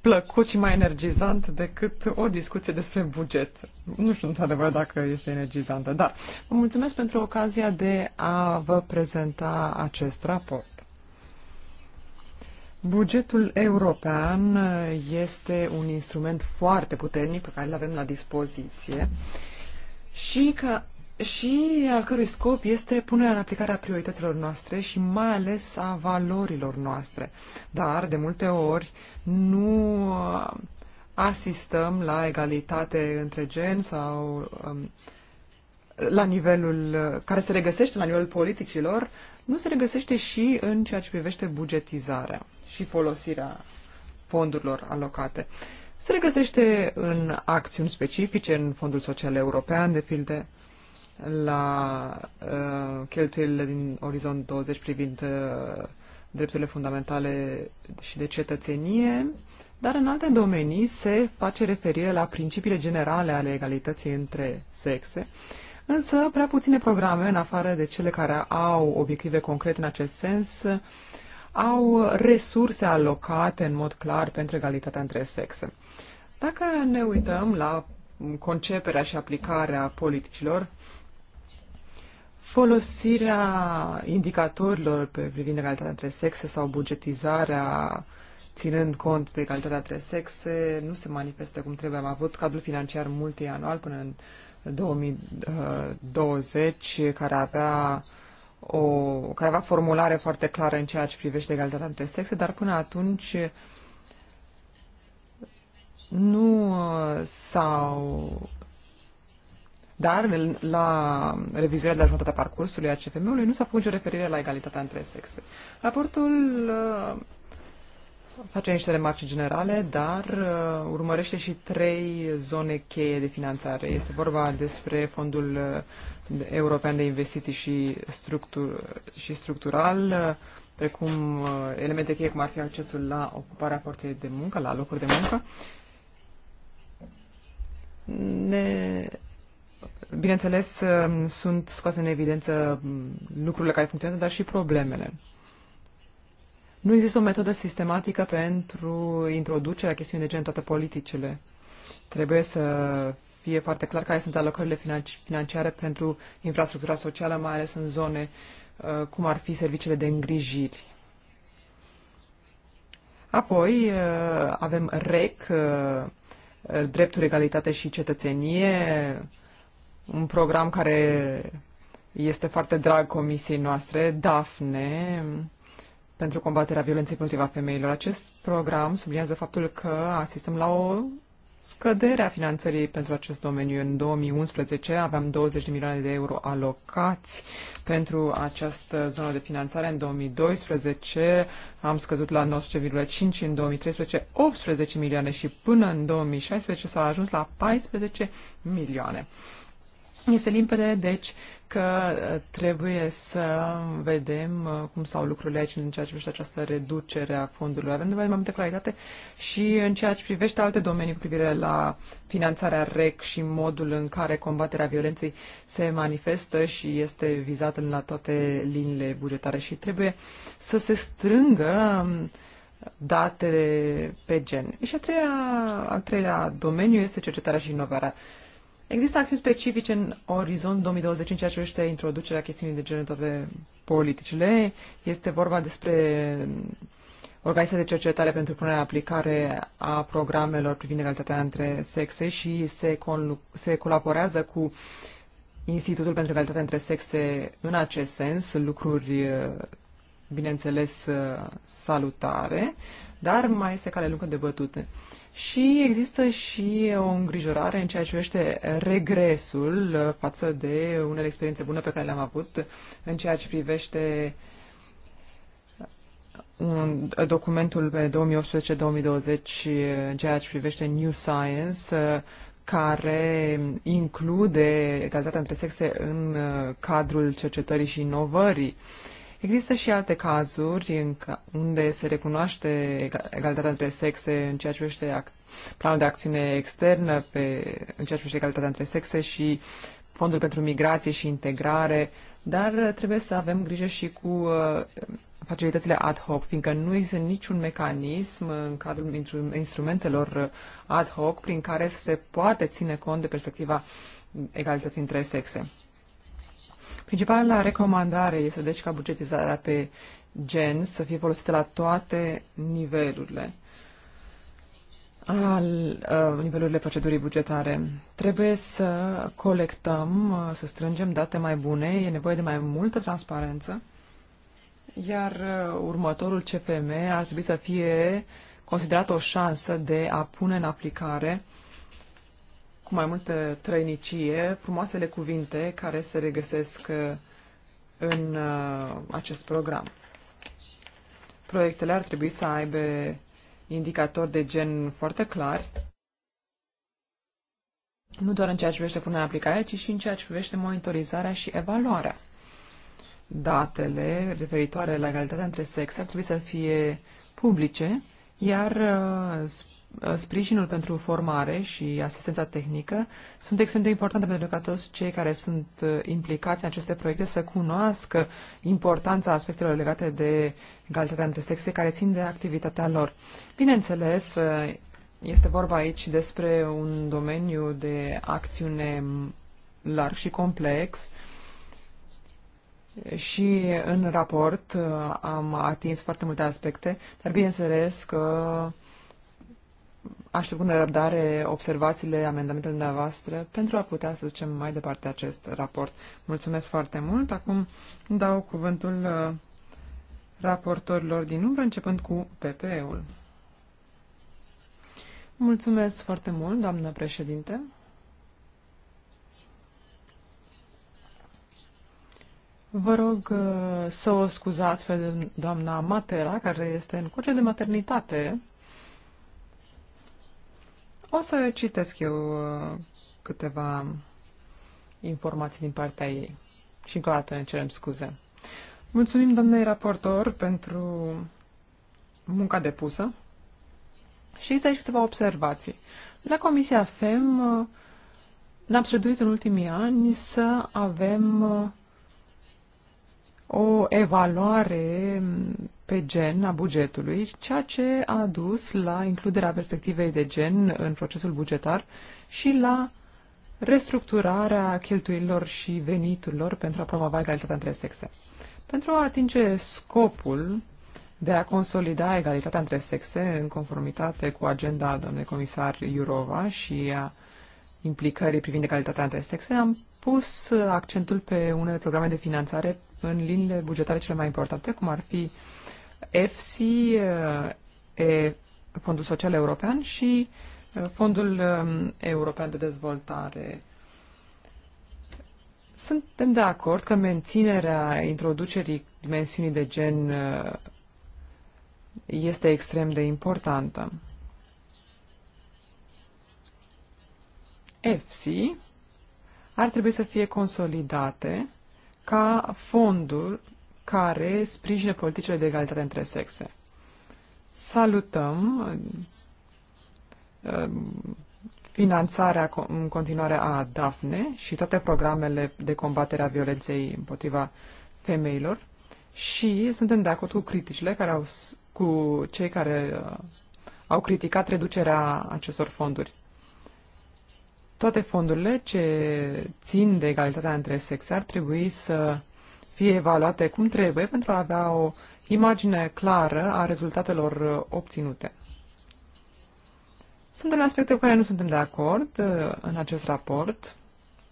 plăcut și mai energizant decât o discuție despre buget. Nu știu într-adevăr dacă este energizantă, dar vă mulțumesc pentru ocazia de a vă prezenta acest raport. Bugetul european este un instrument foarte puternic pe care îl avem la dispoziție. Uh, și, ca, și al cărui scop este punerea în aplicare a priorităților noastre și mai ales a valorilor noastre. Dar, de multe ori, nu uh, asistăm la egalitate între gen sau um, la nivelul uh, care se regăsește la nivelul politicilor, nu se regăsește și în ceea ce privește bugetizarea și folosirea fondurilor alocate. Uh, se regăsește în acțiuni specifice, în Fondul Social European, de pildă, la uh, cheltuielile din Orizont 20 privind uh, drepturile fundamentale și de cetățenie, dar în alte domenii se face referire la principiile generale ale egalității între sexe, însă prea puține programe, în afară de cele care au obiective concrete în acest sens, au resurse alocate în mod clar pentru egalitatea între sexe. Dacă ne uităm la conceperea și aplicarea politicilor, folosirea indicatorilor pe privind egalitatea între sexe sau bugetizarea ținând cont de egalitatea între sexe nu se manifestă cum trebuie. Am avut cadrul financiar multianual până în 2020 uh, care avea o care avea formulare foarte clară în ceea ce privește egalitatea între sexe, dar până atunci nu uh, s-au... Dar la revizuirea de la jumătatea parcursului a CFM-ului nu s-a făcut nicio referire la egalitatea între sexe. Raportul uh, face niște remarci generale, dar uh, urmărește și trei zone cheie de finanțare. Este vorba despre Fondul European de Investiții și, structur, și Structural, precum elemente cheie cum ar fi accesul la ocuparea forței de muncă, la locuri de muncă ne bineînțeles, sunt scoase în evidență lucrurile care funcționează, dar și problemele. Nu există o metodă sistematică pentru introducerea chestiunii de gen în toate politicile. Trebuie să fie foarte clar care sunt alocările financiare pentru infrastructura socială, mai ales în zone uh, cum ar fi serviciile de îngrijiri. Apoi uh, avem REC, uh, drepturi, egalitate și cetățenie, un program care este foarte drag comisiei noastre, DAFNE, pentru combaterea violenței împotriva femeilor. Acest program subliniază faptul că asistăm la o scăderea finanțării pentru acest domeniu. În 2011 aveam 20 de milioane de euro alocați pentru această zonă de finanțare. În 2012 am scăzut la 19,5, în 2013 18 milioane și până în 2016 s-a ajuns la 14 milioane. Este limpede, deci, că uh, trebuie să vedem uh, cum stau lucrurile aici în ceea ce privește această reducere a fondurilor. Avem nevoie de mai multă claritate și în ceea ce privește alte domenii cu privire la finanțarea REC și modul în care combaterea violenței se manifestă și este vizată la toate liniile bugetare și trebuie să se strângă um, date pe gen. Și a treia, a treia domeniu este cercetarea și inovarea. Există acțiuni specifice în orizont 2020 în ceea ce privește introducerea chestiunii de gen în toate politicile. Este vorba despre Organizația de cercetare pentru punerea aplicare a programelor privind egalitatea între sexe și se, se colaborează cu Institutul pentru Egalitatea între Sexe în acest sens, lucruri, bineînțeles, salutare, dar mai este cale lungă de bătute. Și există și o îngrijorare în ceea ce privește regresul uh, față de unele experiențe bune pe care le-am avut în ceea ce privește uh, un, uh, documentul pe 2018-2020 în ceea ce privește New Science, care include egalitatea între sexe în cadrul cercetării și inovării. Uh, Există și alte cazuri în ca, unde se recunoaște egalitatea între sexe în ceea ce privește planul de acțiune externă, pe, în ceea ce privește egalitatea între sexe și fondul pentru migrație și integrare, dar trebuie să avem grijă și cu uh, facilitățile ad hoc, fiindcă nu există niciun mecanism în cadrul instrumentelor ad hoc prin care se poate ține cont de perspectiva egalității între sexe. Principala recomandare este deci ca bugetizarea pe gen să fie folosită la toate nivelurile al uh, nivelurile procedurii bugetare. Trebuie să colectăm, uh, să strângem date mai bune, e nevoie de mai multă transparență, iar uh, următorul CPM ar trebui să fie considerat o șansă de a pune în aplicare uh, cu mai multă trăinicie frumoasele cuvinte care se regăsesc uh, în uh, acest program. Proiectele ar trebui să aibă indicatori de gen foarte clari, nu doar în ceea ce privește punerea în aplicare, ci și în ceea ce privește monitorizarea și evaluarea. Datele referitoare la egalitatea între sexe ar trebui să fie publice, iar uh, Uh, sprijinul pentru formare și asistența tehnică sunt extrem de importante pentru ca toți cei care sunt uh, implicați în aceste proiecte să cunoască importanța aspectelor legate de egalitatea între sexe care țin de activitatea lor. Bineînțeles, uh, este vorba aici despre un domeniu de acțiune larg și complex, și în raport am atins foarte multe aspecte, dar bineînțeles că aștept cu nerăbdare observațiile, amendamentele dumneavoastră pentru a putea să ducem mai departe acest raport. Mulțumesc foarte mult. Acum dau cuvântul uh, raportorilor din umbră, începând cu PPE-ul. Mulțumesc foarte mult, doamnă președinte. Vă rog uh, să o scuzați pe doamna Matera, care este în curse de maternitate o să citesc eu uh, câteva informații din partea ei. Și încă o dată ne cerem scuze. Mulțumim, domnului raportor, pentru munca depusă. Și există aici câteva observații. La Comisia FEM uh, ne-am străduit în ultimii ani să avem uh, o evaluare pe gen a bugetului, ceea ce a dus la includerea perspectivei de gen în procesul bugetar și la restructurarea cheltuielilor și veniturilor pentru a promova egalitatea între sexe. Pentru a atinge scopul de a consolida egalitatea între sexe în conformitate cu agenda doamnei comisar Iurova și a implicării privind egalitatea între sexe, am pus accentul pe unele programe de finanțare în liniile bugetare cele mai importante, cum ar fi Uh, EFSI, Fondul Social European și uh, Fondul um, European de Dezvoltare. Suntem de acord că menținerea introducerii dimensiunii de gen uh, este extrem de importantă. EFSI ar trebui să fie consolidate ca fondul care sprijine politicile de egalitate între sexe. Salutăm uh, um, finanțarea în continuare a DAFNE și toate programele de combatere a violenței împotriva femeilor și suntem de acord cu criticile care au, cu cei care uh, au criticat reducerea acestor fonduri. Toate fondurile ce țin de egalitatea între sexe ar trebui să fie evaluate cum trebuie pentru a avea o imagine clară a rezultatelor uh, obținute. Sunt un aspecte cu care nu suntem de acord uh, în acest raport,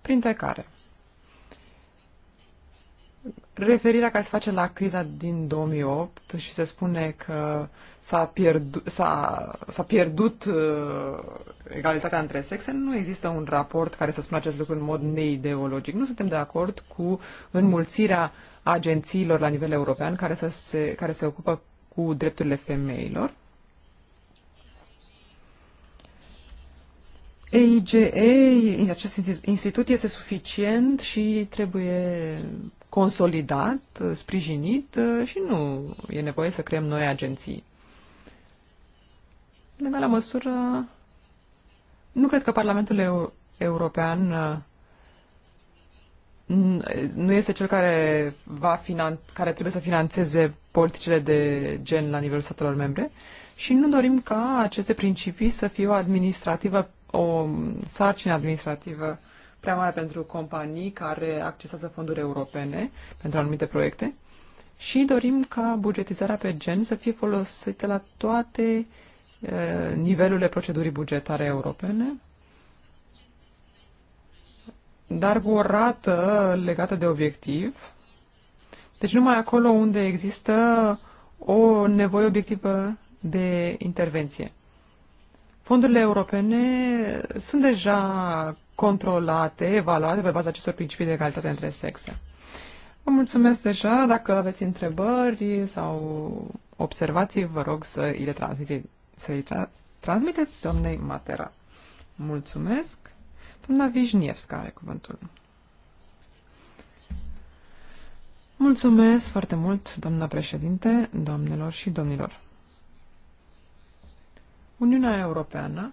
printre care referirea care se face la criza din 2008 și se spune că uh, s-a, pierdut, s-a, s-a pierdut uh, egalitatea între sexe, nu există un raport care să spună acest lucru în mod neideologic. Nu suntem de acord cu înmulțirea agențiilor la nivel european care, să se, care se ocupă cu drepturile femeilor. EIGE, acest institut este suficient și trebuie consolidat, sprijinit uh, și nu e nevoie să creăm noi agenții în egală măsură, nu cred că Parlamentul Eu European uh, nu este cel care, va finan- care trebuie să financeze politicile de gen la nivelul statelor membre și nu dorim ca aceste principii să fie o administrativă, o sarcină administrativă prea mare pentru companii care accesează fonduri europene pentru anumite proiecte și dorim ca bugetizarea pe gen să fie folosită la toate uh, Eh, nivelurile procedurii bugetare europene, dar cu o rată legată de obiectiv. Deci numai acolo unde există o nevoie obiectivă de intervenție. Fondurile europene sunt deja controlate, evaluate pe baza acestor principii de egalitate între sexe. Vă mulțumesc deja. Dacă aveți întrebări sau observații, vă rog să îi le transmiteți să-i tra- transmiteți domnei Matera. Mulțumesc. Doamna Vișnievska are cuvântul. Mulțumesc foarte mult, doamna președinte, doamnelor și domnilor. Uniunea Europeană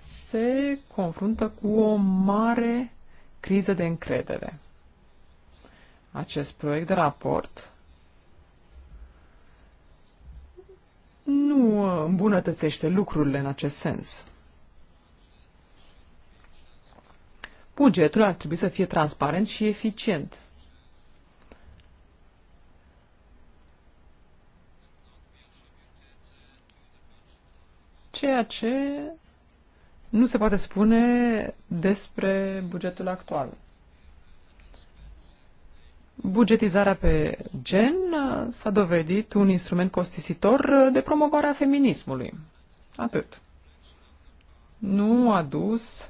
se confruntă cu o mare criză de încredere. Acest proiect de raport nu uh, îmbunătățește lucrurile în acest sens. Bugetul ar trebui să fie transparent și eficient. Ceea ce nu se poate spune despre bugetul actual. Bugetizarea pe gen uh, s-a dovedit un instrument costisitor uh, de promovare a feminismului. Atât. Nu a dus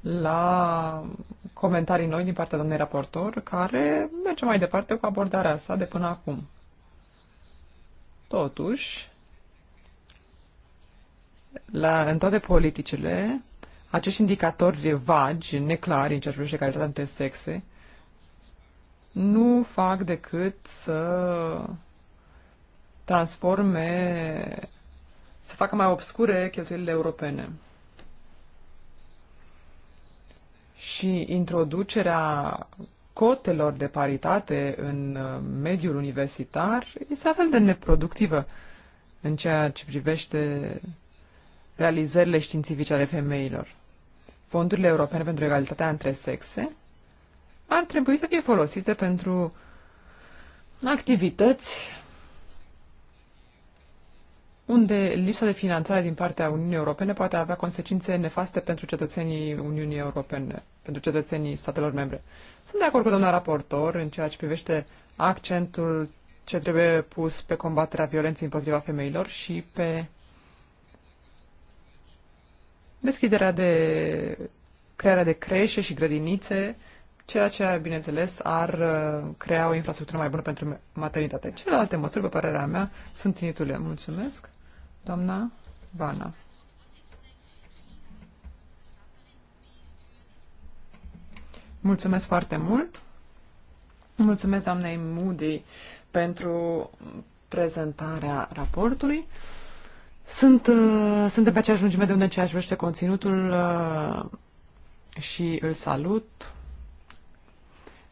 la comentarii noi din partea domnului raportor, care merge mai departe cu abordarea sa de până acum. Totuși, la, în toate politicile, acești indicatori vagi, neclari în ceea ce privește calitatea între sexe, nu fac decât să transforme, să facă mai obscure cheltuielile europene. Și introducerea cotelor de paritate în uh, mediul universitar este la fel de neproductivă în ceea ce privește realizările științifice ale femeilor. Fondurile europene pentru egalitatea între sexe ar trebui să fie folosite pentru activități unde lipsa de finanțare din partea Uniunii Europene poate avea consecințe nefaste pentru cetățenii Uniunii Europene, pentru cetățenii statelor membre. Sunt de acord cu doamna raportor în ceea ce privește accentul ce trebuie pus pe combaterea violenței împotriva femeilor și pe deschiderea de crearea de creșe și grădinițe ceea ce, bineînțeles, ar uh, crea o infrastructură mai bună pentru maternitate. Celelalte măsuri, pe părerea mea, sunt inutile. Mulțumesc, doamna Vana. Mulțumesc foarte mult. Mulțumesc doamnei Moody pentru prezentarea raportului. Sunt, uh, suntem pe aceeași lungime de unde ceea ce conținutul uh, și îl salut.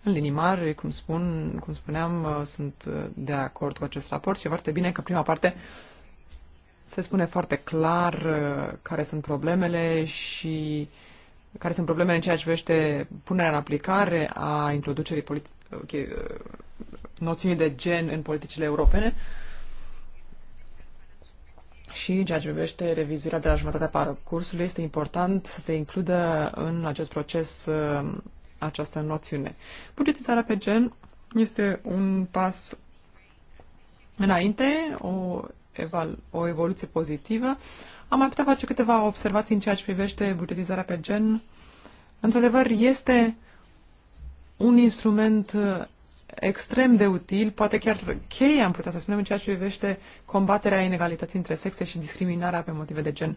În linii mari, cum, spun, cum spuneam, uh, sunt uh, de acord cu acest raport și e foarte bine că prima parte se spune foarte clar uh, care sunt problemele și care sunt problemele în ceea ce privește punerea în aplicare a introducerii politi- okay, noțiunii de gen în politicile europene și în ceea ce privește revizuirea de la jumătatea parcursului, este important să se includă în acest proces această noțiune. Bugetizarea pe gen este un pas înainte, o, eval, o evoluție pozitivă. Am mai putea face câteva observații în ceea ce privește bugetizarea pe gen. Într-adevăr, este un instrument uh, extrem de util, poate chiar cheie, am putea să spunem, în ceea ce privește combaterea inegalității între sexe și discriminarea pe motive de gen.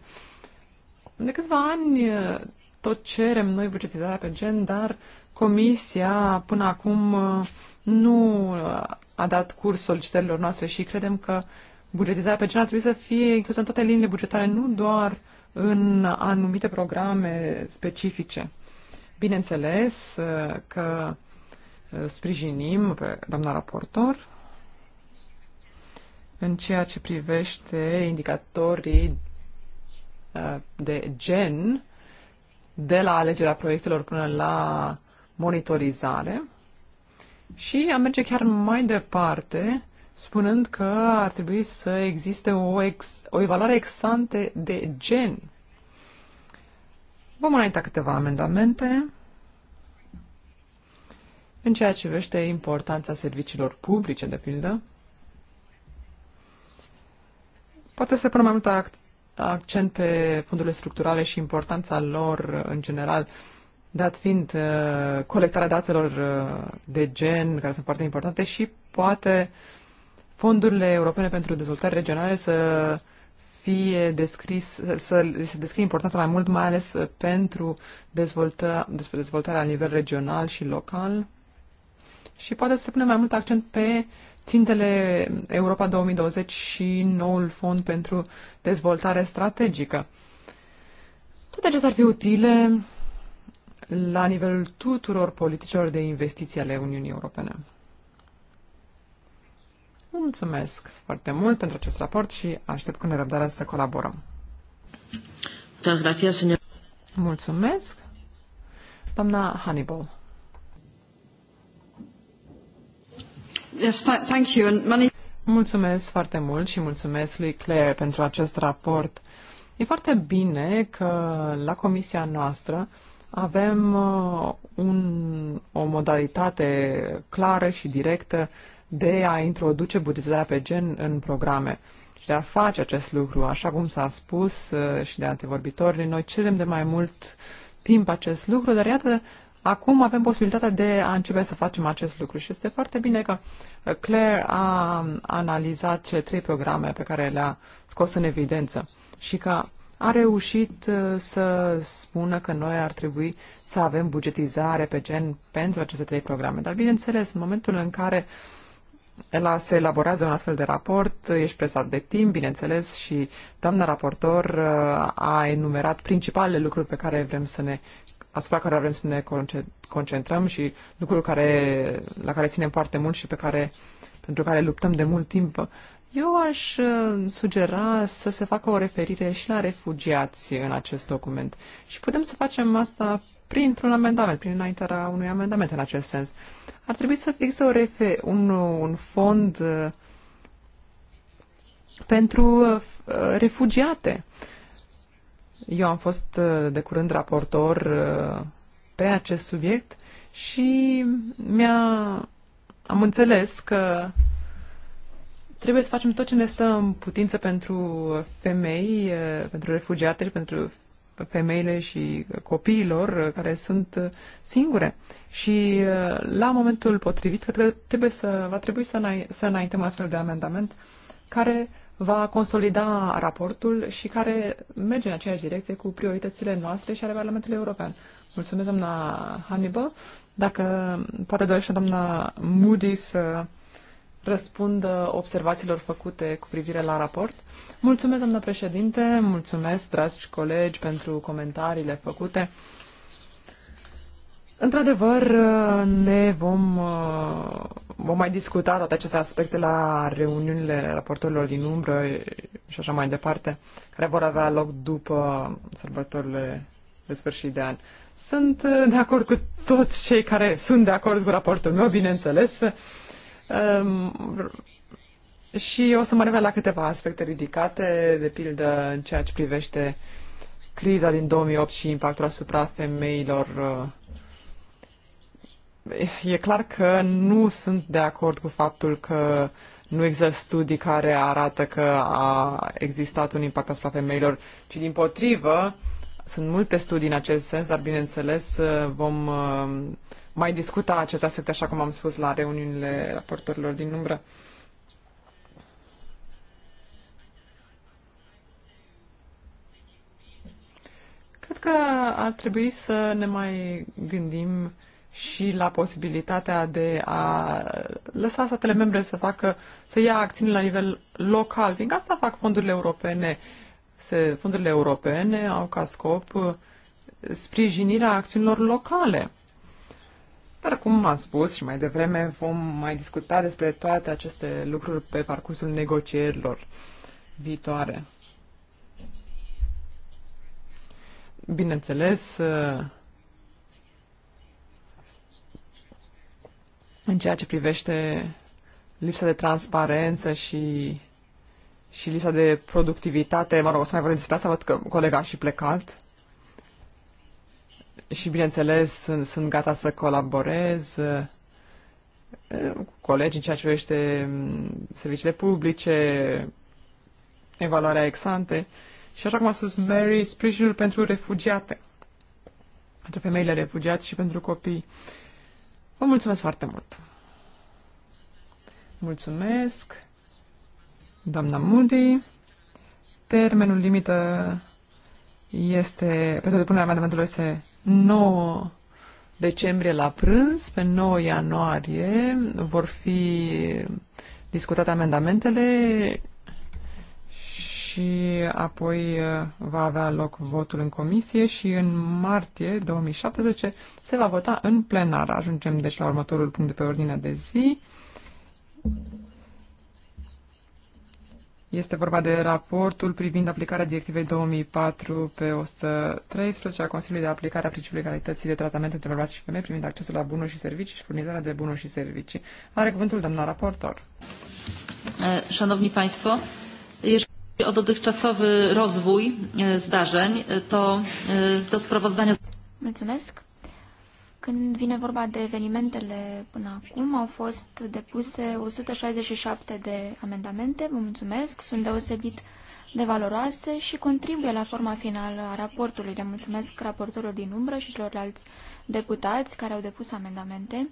De câțiva ani uh, tot cerem noi bugetizarea pe gen, dar Comisia până acum uh, nu uh, a dat curs solicitărilor noastre și credem că bugetizarea pe gen ar trebui să fie inclusă în toate liniile bugetare, nu doar în anumite programe specifice. Bineînțeles uh, că sprijinim pe doamna raportor în ceea ce privește indicatorii de gen de la alegerea proiectelor până la monitorizare și am merge chiar mai departe spunând că ar trebui să existe o, ex, o evaluare exante de gen. Vom înainta câteva amendamente în ceea ce vește importanța serviciilor publice, de pildă. Poate să pună mai multă accent pe fondurile structurale și importanța lor în general, dat fiind uh, colectarea datelor uh, de gen, care sunt foarte importante, și poate fondurile europene pentru dezvoltare regională să fie descris, să, să se descrie importanța mai mult, mai ales pentru dezvolta, despre dezvoltarea la nivel regional și local. Și poate să se pune mai mult accent pe uh, țintele Europa 2020 și noul fond pentru dezvoltare strategică. Toate acestea ar fi utile la nivelul tuturor politicilor de investiții ale Uniunii Europene. Mulțumesc foarte mult pentru acest raport și aștept cu nerăbdare să colaborăm. Mulțumesc. Doamna Hannibal. Mulțumesc foarte mult și mulțumesc lui Claire pentru acest raport. E foarte bine că la comisia noastră avem uh, un, o modalitate clară și directă de a introduce budizarea pe gen în programe și de a face acest lucru. Așa cum s-a spus uh, și de antevorbitorii, noi cerem de mai mult timp acest lucru, dar iată, Acum avem posibilitatea de a începe să facem acest lucru și este foarte bine că Claire a analizat cele trei programe pe care le-a scos în evidență și că a reușit uh, să spună că noi ar trebui să avem bugetizare pe gen pentru aceste trei programe. Dar, bineînțeles, în momentul în care ela se elaborează un astfel de raport, uh, ești presat de timp, bineînțeles, și doamna raportor uh, a enumerat principalele lucruri pe care vrem să ne asupra care vrem să ne concentrăm și lucruri care, la care ținem foarte mult și pe care, pentru care luptăm de mult timp. Eu aș uh, sugera să se facă o referire și la refugiați în acest document. Și putem să facem asta printr-un amendament, prin înaintarea unui amendament în acest sens. Ar trebui să fixe o refer, un, un fond uh, pentru uh, refugiate. Uh, eu am fost uh, de curând raportor uh, pe acest subiect și mi-a, am înțeles că trebuie să facem tot ce ne stă în putință pentru femei, uh, pentru refugiate pentru femeile și copiilor care sunt singure. Și la momentul potrivit, cred că trebuie să, va trebui să, înaintăm astfel de amendament care va consolida raportul și care merge în aceeași direcție cu prioritățile noastre și ale Parlamentului European. Mulțumesc, doamna Hannibal. Dacă poate dorește doamna Moody să răspundă observațiilor făcute cu privire la raport. Mulțumesc, doamna președinte, mulțumesc, dragi colegi, pentru comentariile făcute. Într-adevăr, ne vom, uh, vom mai discuta toate aceste aspecte la reuniunile raportorilor din umbră și așa mai departe, care vor avea loc după sărbătorile de sfârșit de an. Sunt uh, de acord cu toți cei care sunt de acord cu raportul meu, bineînțeles. Um, și o să mă revel la câteva aspecte ridicate, de pildă în ceea ce privește criza din 2008 și impactul asupra femeilor uh, e clar că nu sunt de acord cu faptul că nu există studii care arată că a existat un impact asupra femeilor, ci din potrivă, sunt multe studii în acest sens, dar bineînțeles vom uh, mai discuta acest aspect, așa cum am spus la reuniunile raportorilor din umbră. Cred că ar trebui să ne mai gândim și la posibilitatea de a lăsa statele membre să facă, să ia acțiuni la nivel local, fiindcă asta fac fondurile europene. Se, fondurile europene au ca scop uh, sprijinirea acțiunilor locale. Dar cum am spus și mai devreme, vom mai discuta despre toate aceste lucruri pe parcursul negocierilor viitoare. Bineînțeles, uh, în ceea ce privește lipsa de transparență și, și lipsa de productivitate. Mă rog, o să mai vorbim despre asta, văd că colega a și plecat. Și, bineînțeles, sunt, sunt gata să colaborez uh, cu colegi în ceea ce privește mm, serviciile publice, evaluarea exante și, așa cum a spus Mary, sprijinul pentru refugiate, pentru femeile refugiați și pentru copii. Uh, Vă mulțumesc foarte mult! Mulțumesc, doamna Moody. Termenul limită este, pentru depunerea amendamentului este 9 decembrie la prânz, pe 9 ianuarie vor fi discutate amendamentele și apoi uh, va avea loc votul în comisie și în martie 2017 se va vota în plenar. Ajungem deci la următorul punct de pe ordinea de zi. Este vorba de raportul privind aplicarea directivei 2004 pe 113 a Consiliului de aplicare a principiului calității de tratament între bărbați și femei privind accesul la bunuri și servicii și furnizarea de bunuri și servicii. Are cuvântul doamna raportor. Eh, Szanowni Państwo, jeszcze o dotychczasowy rozwój zdarzeń, to do sprawozdania... Mulțumesc. Când vine vorba de evenimentele până acum, au fost depuse 167 de amendamente. Vă mulțumesc, sunt deosebit de valoroase și contribuie la forma finală a raportului. Le mulțumesc raportorilor din umbră și celorlalți deputați care au depus amendamente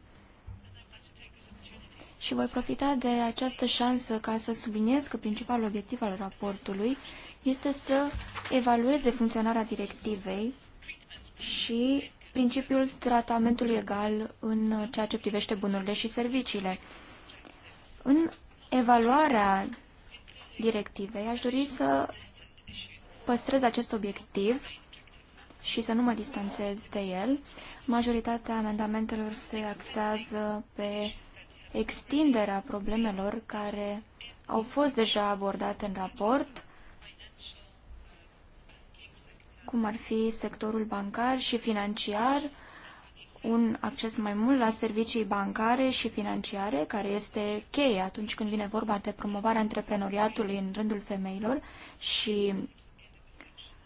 și voi profita de această șansă ca să subliniez că principalul obiectiv al raportului este să evalueze funcționarea directivei și principiul tratamentului egal în ceea ce privește bunurile și serviciile. În evaluarea directivei aș dori să păstrez acest obiectiv și să nu mă distanțez de el. Majoritatea amendamentelor se axează pe extinderea problemelor care au fost deja abordate în raport, cum ar fi sectorul bancar și financiar, un acces mai mult la servicii bancare și financiare, care este cheie atunci când vine vorba de promovarea antreprenoriatului în rândul femeilor și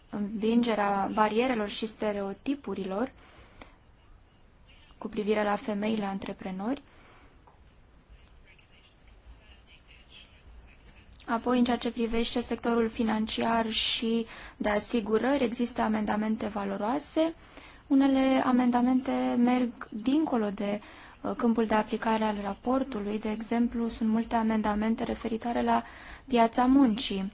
învingerea barierelor și stereotipurilor cu privire la femeile antreprenori. Apoi, în ceea ce privește sectorul financiar și de asigurări, există amendamente valoroase. Unele amendamente merg dincolo de uh, câmpul de aplicare al raportului. De exemplu, sunt multe amendamente referitoare la piața muncii.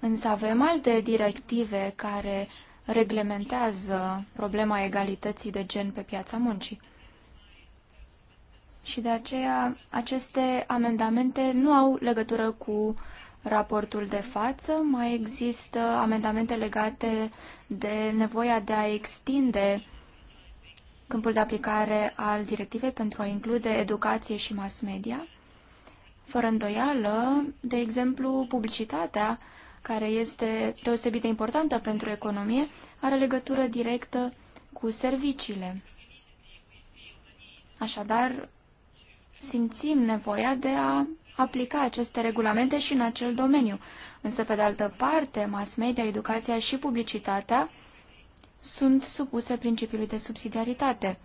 Însă avem alte directive care reglementează problema egalității de gen pe piața muncii și de aceea aceste amendamente nu au legătură cu raportul de față. Mai există amendamente legate de nevoia de a extinde câmpul de aplicare al directivei pentru a include educație și mass media. Fără îndoială, de exemplu, publicitatea, care este deosebit de importantă pentru economie, are legătură directă cu serviciile. Așadar, simțim nevoia de a aplica aceste regulamente și în acel domeniu. Însă, pe de altă parte, mass media, educația și publicitatea sunt supuse principiului de subsidiaritate.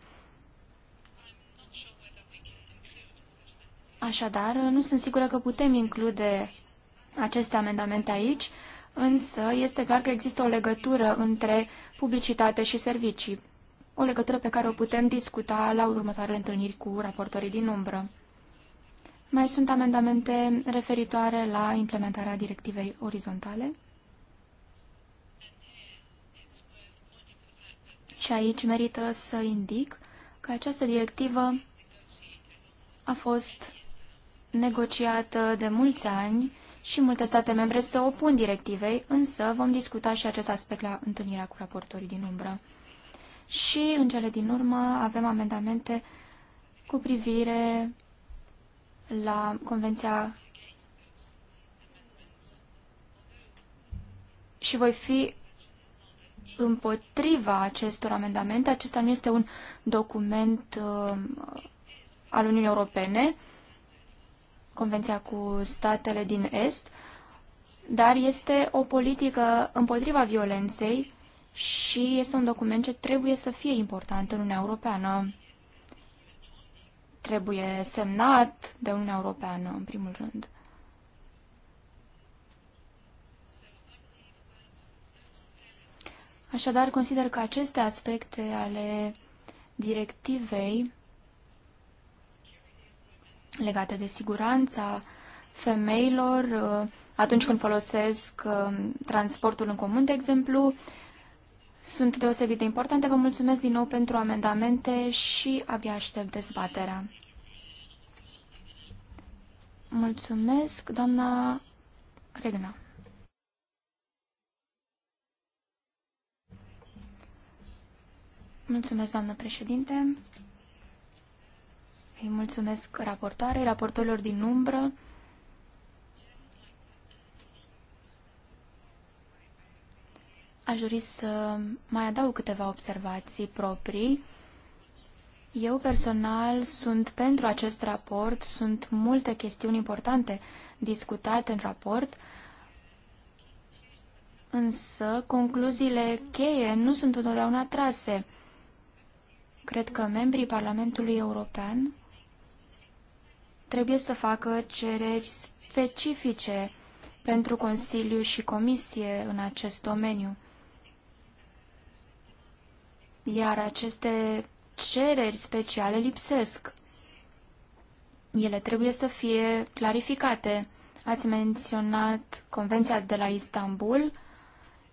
Așadar, nu sunt sigură că putem include aceste amendamente aici, însă este clar că există o legătură între publicitate și servicii o legătură pe care o putem discuta la următoarele întâlniri cu raportorii din umbră. Mai sunt amendamente referitoare la implementarea directivei orizontale. Și aici merită să indic că această directivă a fost negociată de mulți ani și multe state membre se opun directivei, însă vom discuta și acest aspect la întâlnirea cu raportorii din umbră și în cele din urmă avem amendamente cu privire la Convenția și voi fi împotriva acestor amendamente. Acesta nu este un document uh, al Uniunii Europene, Convenția cu statele din Est, dar este o politică împotriva violenței și este un document ce trebuie să fie important în Uniunea Europeană. Trebuie semnat de Uniunea Europeană, în primul rând. Așadar, consider că aceste aspecte ale directivei legate de siguranța femeilor uh, atunci când folosesc uh, transportul în comun, de exemplu, sunt deosebit de importante. Vă mulțumesc din nou pentru amendamente și abia aștept dezbaterea. Mulțumesc, doamna Regna. Mulțumesc, doamnă președinte. Îi mulțumesc raportoarei, raportorilor din umbră. Aș dori să mai adaug câteva observații proprii. Eu personal sunt pentru acest raport, sunt multe chestiuni importante discutate în raport, însă concluziile cheie nu sunt întotdeauna trase. Cred că membrii Parlamentului European trebuie să facă cereri specifice pentru Consiliu și Comisie în acest domeniu iar aceste cereri speciale lipsesc. Ele trebuie să fie clarificate. Ați menționat Convenția de la Istanbul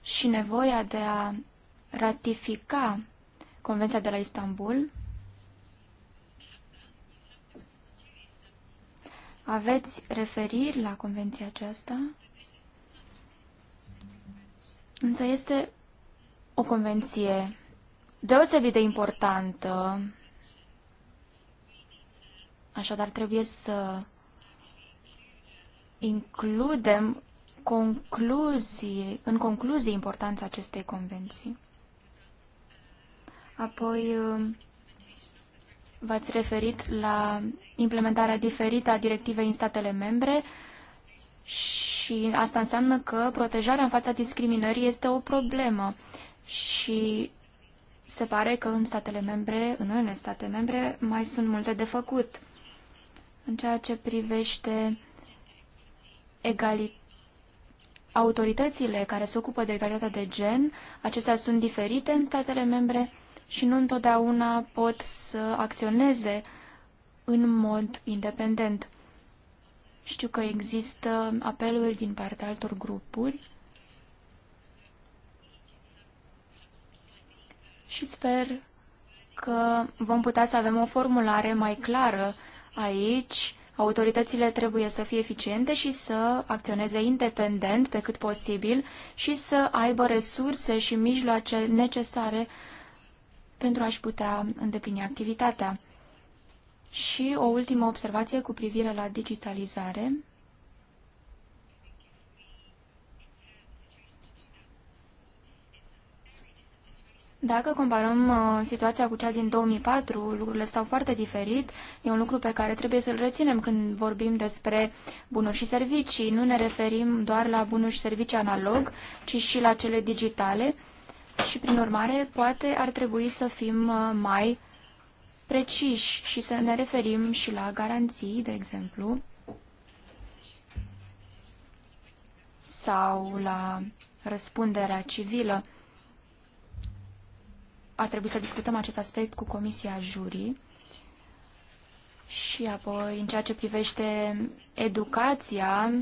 și nevoia de a ratifica Convenția de la Istanbul. Aveți referiri la convenția aceasta? Însă este o convenție deosebit de importantă. Așadar, trebuie să includem concluzii, în concluzii importanța acestei convenții. Apoi v-ați referit la implementarea diferită a directivei în statele membre și asta înseamnă că protejarea în fața discriminării este o problemă și se pare că în statele membre, în unele state membre, mai sunt multe de făcut în ceea ce privește egalitatea, autoritățile care se ocupă de egalitatea de gen. Acestea sunt diferite în statele membre și nu întotdeauna pot să acționeze în mod independent. Știu că există apeluri din partea altor grupuri și sper că vom putea să avem o formulare mai clară aici. Autoritățile trebuie să fie eficiente și să acționeze independent pe cât posibil și să aibă resurse și mijloace necesare pentru a-și putea îndeplini activitatea. Și o ultimă observație cu privire la digitalizare. Dacă comparăm uh, situația cu cea din 2004, lucrurile stau foarte diferit. E un lucru pe care trebuie să-l reținem când vorbim despre bunuri și servicii. Nu ne referim doar la bunuri și servicii analog, ci și la cele digitale. Și, prin urmare, poate ar trebui să fim uh, mai preciși și să ne referim și la garanții, de exemplu, sau la răspunderea civilă ar trebui să discutăm acest aspect cu Comisia Jurii și apoi în ceea ce privește educația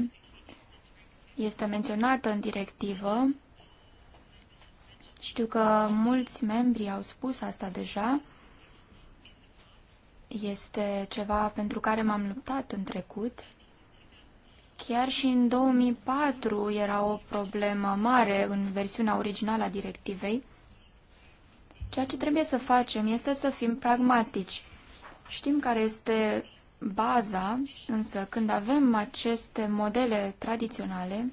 este menționată în directivă. Știu că mulți membri au spus asta deja. Este ceva pentru care m-am luptat în trecut. Chiar și în 2004 era o problemă mare în versiunea originală a directivei. Ceea ce trebuie să facem este să fim pragmatici. Știm care este baza, însă când avem aceste modele tradiționale,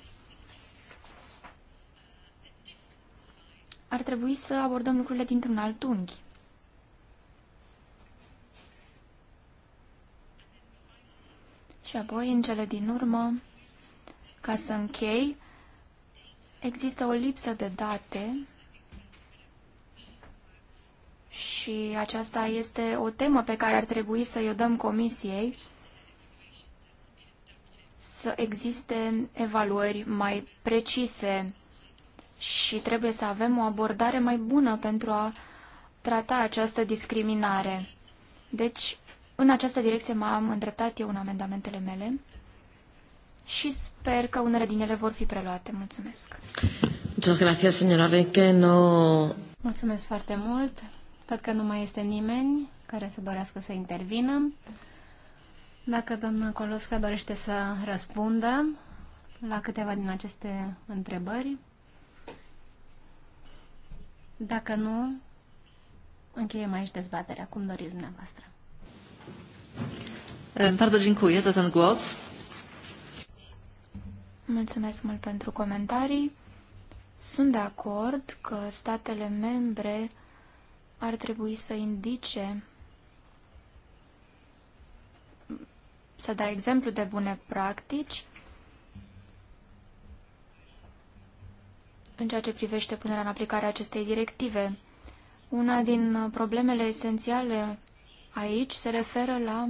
ar trebui să abordăm lucrurile dintr-un alt unghi. Și apoi, în cele din urmă, ca să închei, există o lipsă de date și aceasta este o temă pe care ar trebui să-i o dăm comisiei, să existe evaluări mai precise și trebuie să avem o abordare mai bună pentru a trata această discriminare. Deci, în această direcție m-am îndreptat eu în amendamentele mele și sper că unele din ele vor fi preluate. Mulțumesc! Muchas gracias, señora Reque. No... Mulțumesc foarte mult! Văd că nu mai este nimeni care să dorească să intervină. Dacă doamna Colosca dorește să răspundă la câteva din aceste întrebări, dacă nu, încheiem aici dezbaterea, cum doriți dumneavoastră. Bardzo dziękuję za ten głos. Mulțumesc mult pentru comentarii. Sunt de acord că statele membre ar trebui să indice, să dai exemplu de bune practici în ceea ce privește punerea în aplicare acestei directive. Una din problemele esențiale aici se referă la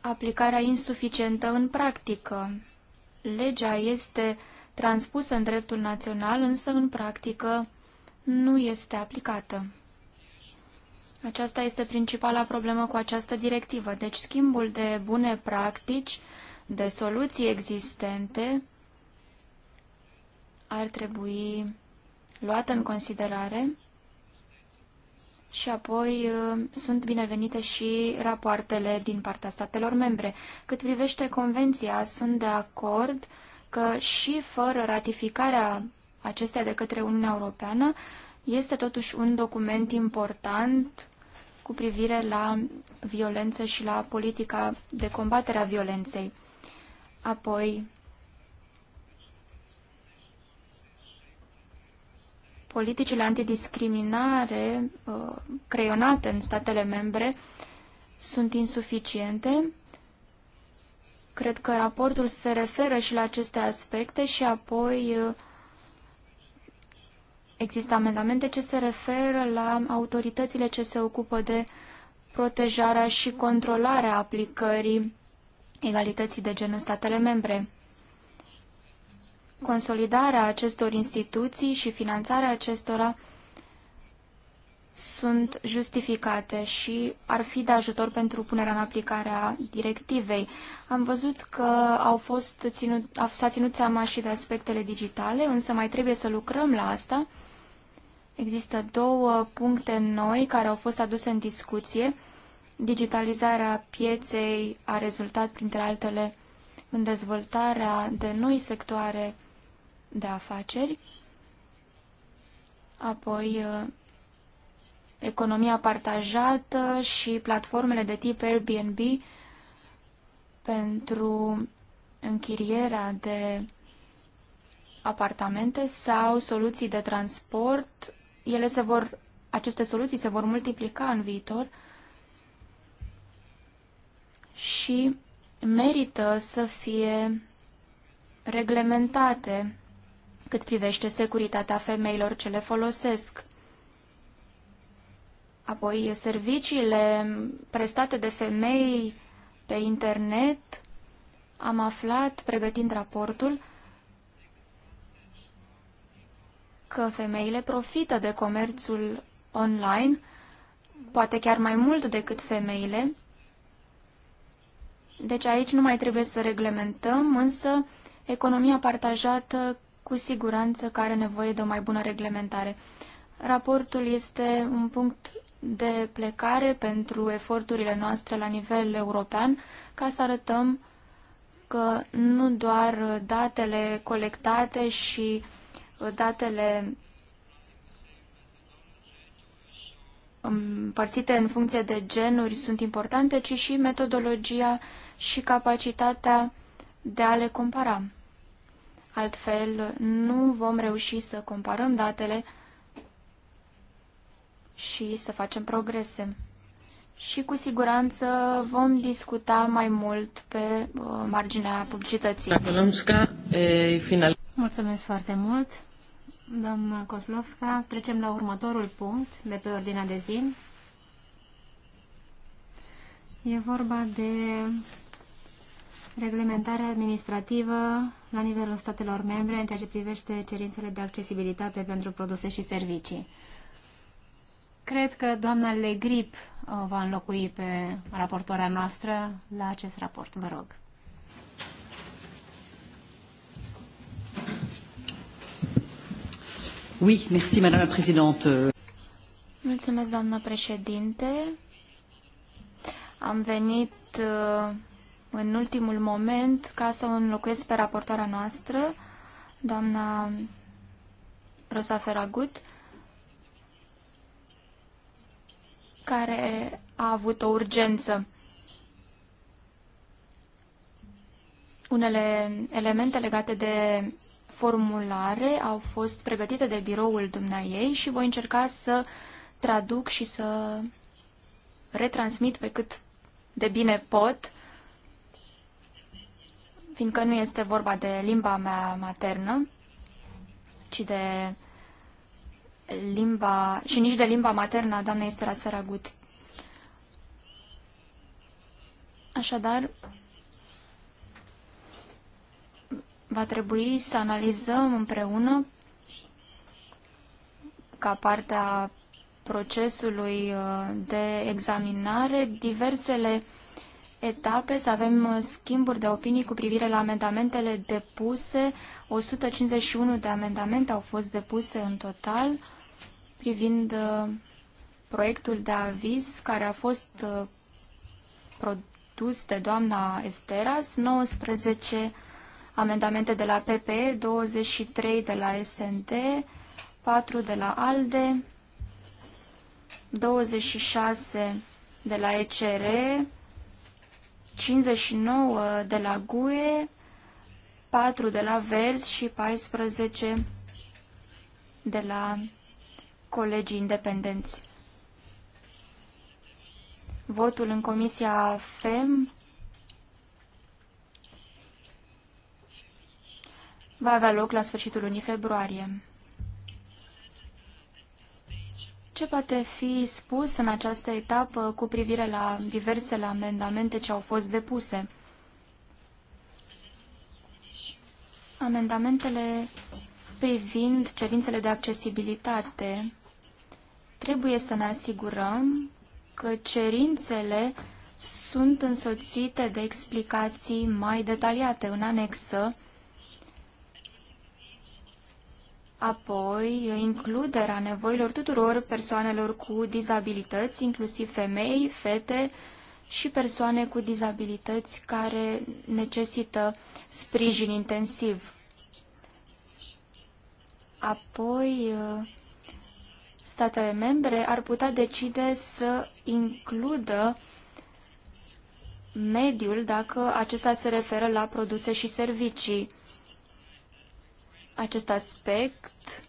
aplicarea insuficientă în practică. Legea este transpusă în dreptul național, însă în practică nu este aplicată. Aceasta este principala problemă cu această directivă, deci schimbul de bune practici, de soluții existente, ar trebui luat în considerare și apoi uh, sunt binevenite și rapoartele din partea statelor membre. Cât privește convenția, sunt de acord că și fără ratificarea acestea de către Uniunea Europeană, este totuși un document important cu privire la violență și la politica de combatere a violenței. Apoi, politicile antidiscriminare uh, creionate în statele membre sunt insuficiente. Cred că raportul se referă și la aceste aspecte și apoi uh, Există amendamente ce se referă la autoritățile ce se ocupă de protejarea și controlarea aplicării egalității de gen în statele membre. Consolidarea acestor instituții și finanțarea acestora sunt justificate și ar fi de ajutor pentru punerea în aplicare a directivei. Am văzut că au fost ținut, s-a ținut seama și de aspectele digitale, însă mai trebuie să lucrăm la asta Există două puncte noi care au fost aduse în discuție. Digitalizarea pieței a rezultat, printre altele, în dezvoltarea de noi sectoare de afaceri, apoi uh, economia partajată și platformele de tip Airbnb pentru închirierea de apartamente sau soluții de transport ele se vor, aceste soluții se vor multiplica în viitor și merită să fie reglementate cât privește securitatea femeilor ce le folosesc. Apoi, serviciile prestate de femei pe internet, am aflat, pregătind raportul, că femeile profită de comerțul online, poate chiar mai mult decât femeile. Deci aici nu mai trebuie să reglementăm, însă economia partajată cu siguranță că are nevoie de o mai bună reglementare. Raportul este un punct de plecare pentru eforturile noastre la nivel european ca să arătăm că nu doar datele colectate și datele împărțite în funcție de genuri sunt importante, ci și metodologia și capacitatea de a le compara. Altfel, nu vom reuși să comparăm datele și să facem progrese. Și cu siguranță vom discuta mai mult pe uh, marginea publicității. Eh, Mulțumesc foarte mult! doamna Koslovska. Trecem la următorul punct de pe ordinea de zi. E vorba de reglementarea administrativă la nivelul statelor membre în ceea ce privește cerințele de accesibilitate pentru produse și servicii. Cred că doamna Legrip uh, va înlocui pe raportoarea noastră la acest raport. Vă rog. Mulțumesc, doamnă președinte. Am venit uh, în ultimul moment ca să o înlocuiesc pe raportoarea noastră, doamna Rosa Feragut, care a avut o urgență. Unele elemente legate de formulare au fost pregătite de biroul dumneaei și voi încerca să traduc și să retransmit pe cât de bine pot, fiindcă nu este vorba de limba mea maternă, ci de limba, și nici de limba maternă a doamnei Sera Saragut. Așadar, va trebui să analizăm împreună ca parte a procesului uh, de examinare diversele etape, să avem uh, schimburi de opinii cu privire la amendamentele depuse. 151 de amendamente au fost depuse în total privind uh, proiectul de aviz care a fost produs de doamna Esteras, 19 amendamente de la PPE, 23 de la SND, 4 de la ALDE, 26 de la ECR, 59 de la GUE, 4 de la Verzi și 14 de la colegii independenți. Votul în Comisia FEM va avea loc la sfârșitul lunii februarie. Ce poate fi spus în această etapă cu privire la diversele amendamente ce au fost depuse? Amendamentele privind cerințele de accesibilitate trebuie să ne asigurăm că cerințele sunt însoțite de explicații mai detaliate în anexă Apoi, includerea nevoilor tuturor persoanelor cu dizabilități, inclusiv femei, fete și persoane cu dizabilități care necesită sprijin intensiv. Apoi, statele membre ar putea decide să includă mediul dacă acesta se referă la produse și servicii acest aspect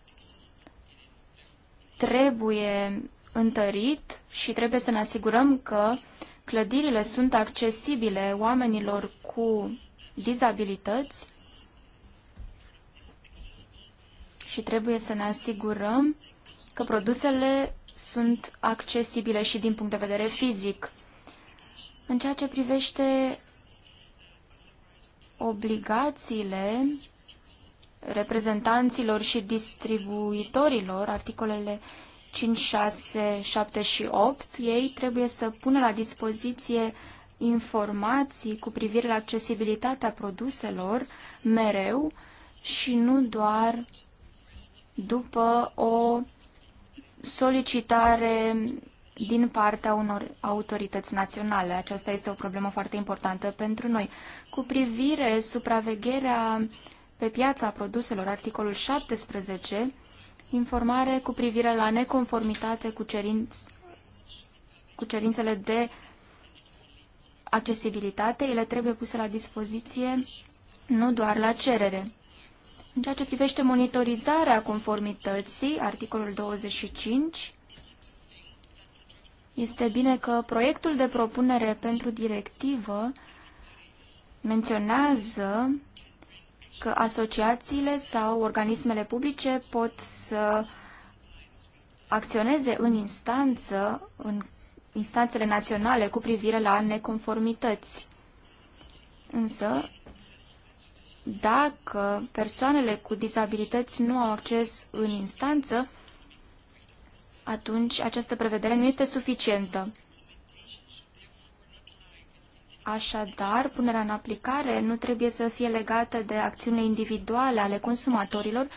trebuie întărit și trebuie să ne asigurăm că clădirile sunt accesibile oamenilor cu dizabilități și trebuie să ne asigurăm că produsele sunt accesibile și din punct de vedere fizic. În ceea ce privește obligațiile reprezentanților și distribuitorilor, articolele 5, 6, 7 și 8, ei trebuie să pună la dispoziție informații cu privire la accesibilitatea produselor mereu și nu doar după o solicitare din partea unor autorități naționale. Aceasta este o problemă foarte importantă pentru noi. Cu privire supravegherea uh, pe piața produselor, articolul 17, informare cu privire la neconformitate cu, cerinț, cu cerințele de accesibilitate, ele trebuie puse la dispoziție nu doar la cerere. În ceea ce privește monitorizarea conformității, articolul 25, este bine că proiectul de propunere pentru directivă menționează că asociațiile sau organismele publice pot să acționeze în instanță, în instanțele naționale cu privire la neconformități. Însă, dacă persoanele cu dizabilități nu au acces în instanță, atunci această prevedere nu este suficientă. Așadar, punerea în aplicare nu trebuie să fie legată de acțiunile individuale ale consumatorilor,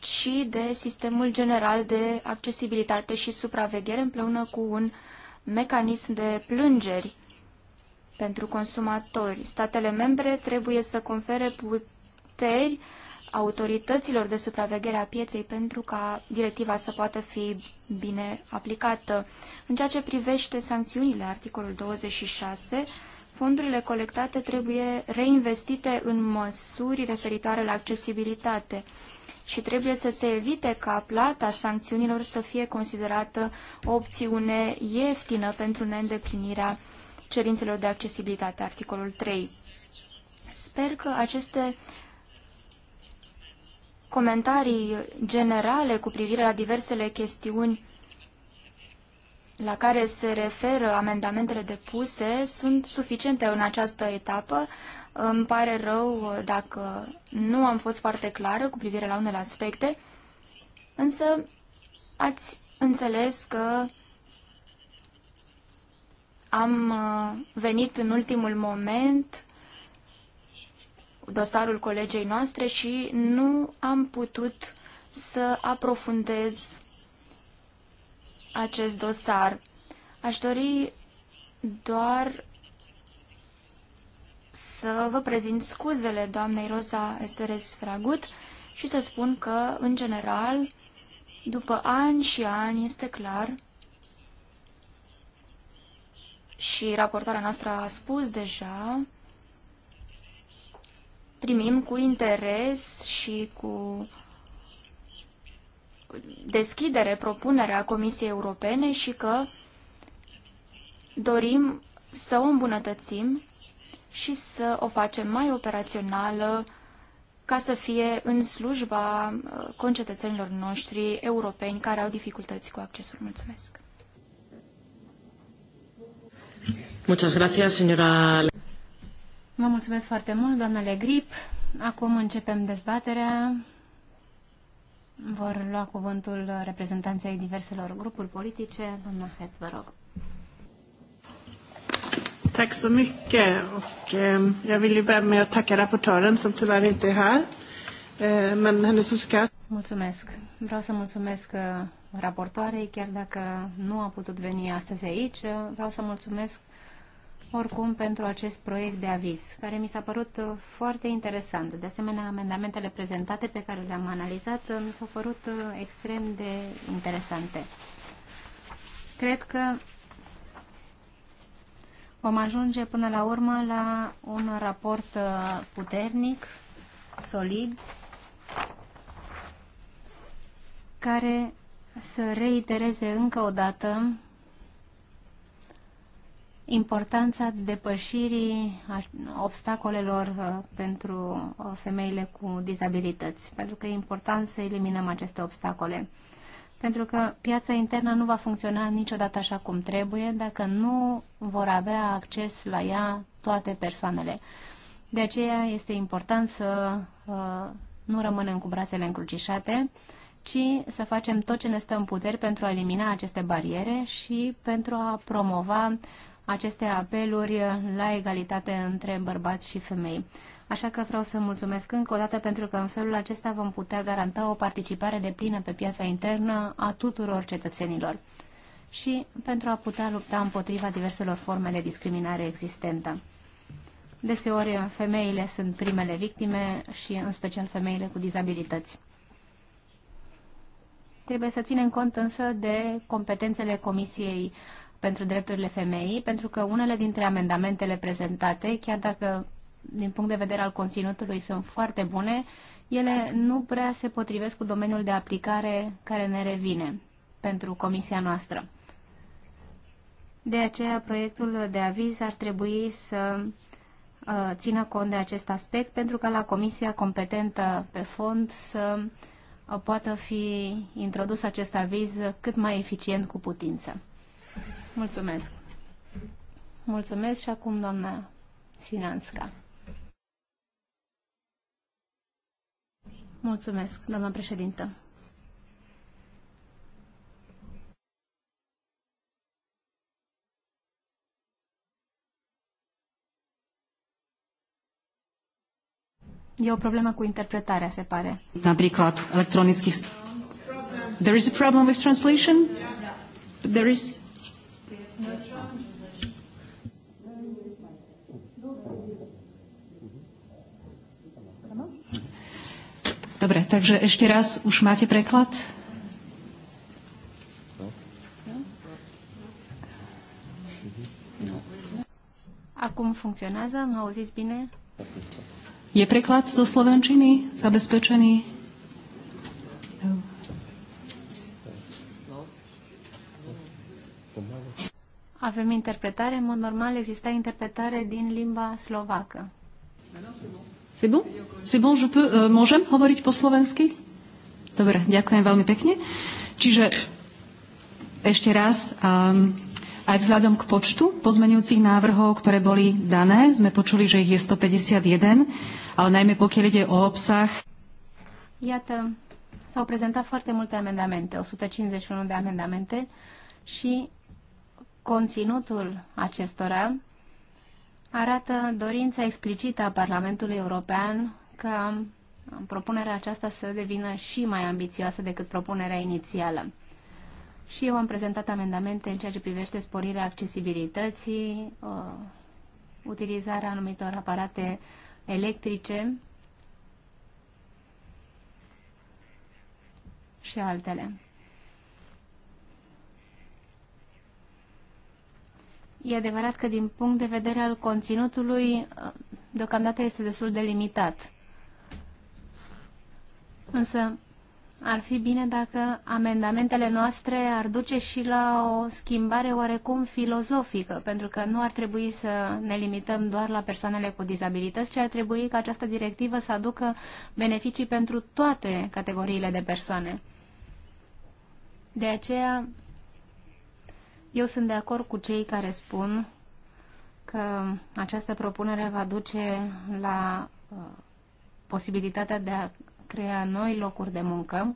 ci de sistemul general de accesibilitate și supraveghere împreună cu un mecanism de plângeri pentru consumatori. Statele membre trebuie să confere puteri autorităților de supraveghere a pieței pentru ca directiva să poată fi bine aplicată. În ceea ce privește sancțiunile, articolul 26, Fondurile colectate trebuie reinvestite în măsuri referitoare la accesibilitate și trebuie să se evite ca plata sancțiunilor să fie considerată o opțiune ieftină pentru neîndeplinirea cerințelor de accesibilitate, articolul 3. Sper că aceste comentarii generale cu privire la diversele chestiuni la care se referă amendamentele depuse sunt suficiente în această etapă. Îmi pare rău dacă nu am fost foarte clară cu privire la unele aspecte, însă ați înțeles că am uh, venit în ultimul moment dosarul colegei noastre și nu am putut să aprofundez acest dosar. Aș dori doar să vă prezint scuzele doamnei Rosa Esteres Fragut și să spun că, în general, după ani și ani, este clar și raportarea noastră a spus deja, primim cu interes și cu deschidere propunerea Comisiei Europene și că dorim să o îmbunătățim și să o facem mai operațională ca să fie în slujba uh, concetățenilor noștri europeni care au dificultăți cu accesul. Mulțumesc! Vă mulțumesc foarte mult, doamnele Grip. Acum începem dezbaterea. Vor lua cuvântul reprezentanței diverselor grupuri politice. Doamna Het, vă rog. Tack så mycket. Och, eh, jag vill ju börja med att tacka rapportören som tyvärr inte är här. Eh, men hennes uppskatt... Mulțumesc. Vreau să mulțumesc eh, raportoarei, chiar dacă nu a putut veni astăzi aici. Eh, vreau să mulțumesc oricum pentru acest proiect de aviz, care mi s-a părut uh, foarte interesant. De asemenea, amendamentele prezentate pe care le-am analizat uh, mi s-au părut uh, extrem de interesante. Cred că vom ajunge până la urmă la un raport puternic, solid, care să reitereze încă o dată importanța depășirii obstacolelor uh, pentru uh, femeile cu dizabilități, pentru că e important să eliminăm aceste obstacole. Pentru că piața internă nu va funcționa niciodată așa cum trebuie dacă nu vor avea acces la ea toate persoanele. De aceea este important să uh, nu rămânem cu brațele încrucișate, ci să facem tot ce ne stă în puteri pentru a elimina aceste bariere și pentru a promova aceste apeluri la egalitate între bărbați și femei. Așa că vreau să mulțumesc încă o dată pentru că în felul acesta vom putea garanta o participare de plină pe piața internă a tuturor cetățenilor și pentru a putea lupta împotriva diverselor forme de discriminare existentă. Deseori femeile sunt primele victime și în special femeile cu dizabilități. Trebuie să ținem cont însă de competențele Comisiei pentru drepturile femeii, pentru că unele dintre amendamentele prezentate, chiar dacă din punct de vedere al conținutului sunt foarte bune, ele nu prea se potrivesc cu domeniul de aplicare care ne revine pentru comisia noastră. De aceea, proiectul de aviz ar trebui să uh, țină cont de acest aspect pentru ca la comisia competentă pe fond să uh, poată fi introdus acest aviz cât mai eficient cu putință. Mulțumesc. Mulțumesc și acum doamna Finanțca. Mulțumesc, doamna președintă. E o problemă cu interpretarea, se pare. Napríklad electronic. There is a problem with translation? There is... Dobre, takže ešte raz, už máte preklad? Acum funcționează? Mă auziți bine? E preklad zo slovenčiny zabezpečený? Avem interpretare, în mod normal exista interpretare din limba slovacă. C'est bon? C'est bon, je peux, uh, môžem hovoriť po slovensky? Dobre, ďakujem veľmi pekne. Čiže ešte raz, um, aj vzhľadom k počtu pozmenujúcich návrhov, ktoré boli dané, sme počuli, že ich je 151, ale najmä pokiaľ ide o obsah. Iată, s-au prezentat foarte multe amendamente, 151 de amendamente și Conținutul acestora arată dorința explicită a Parlamentului European ca propunerea aceasta să devină și mai ambițioasă decât propunerea inițială. Și eu am prezentat amendamente în ceea ce privește sporirea accesibilității, uh, utilizarea anumitor aparate electrice și altele. E adevărat că din punct de vedere al conținutului, deocamdată este destul de limitat. Însă ar fi bine dacă amendamentele noastre ar duce și la o schimbare oarecum filozofică, pentru că nu ar trebui să ne limităm doar la persoanele cu dizabilități, ci ar trebui ca această directivă să aducă beneficii pentru toate categoriile de persoane. De aceea eu sunt de acord cu cei care spun că această propunere va duce la uh, posibilitatea de a crea noi locuri de muncă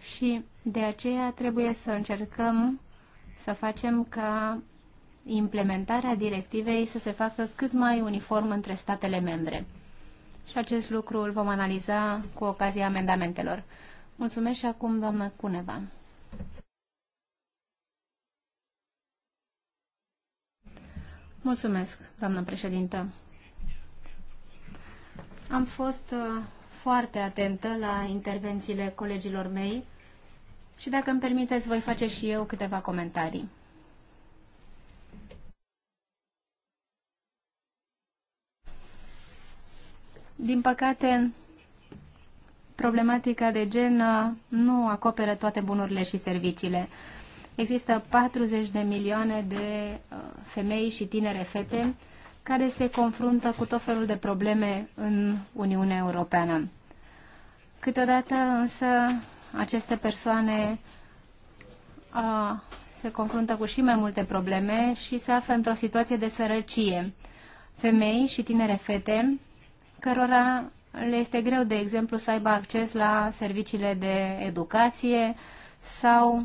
și de aceea trebuie să încercăm să facem ca implementarea directivei să se facă cât mai uniform între statele membre. Și acest lucru îl vom analiza cu ocazia amendamentelor. Mulțumesc și acum, doamna Cunevan. Mulțumesc, doamnă președintă. Am fost uh, foarte atentă la intervențiile colegilor mei și dacă îmi permiteți, voi face și eu câteva comentarii. Din păcate, problematica de gen uh, nu acoperă toate bunurile și serviciile. Există 40 de milioane de uh, femei și tinere fete care se confruntă cu tot felul de probleme în Uniunea Europeană. Câteodată însă aceste persoane a, se confruntă cu și mai multe probleme și se află într-o situație de sărăcie. Femei și tinere fete cărora le este greu, de exemplu, să aibă acces la serviciile de educație sau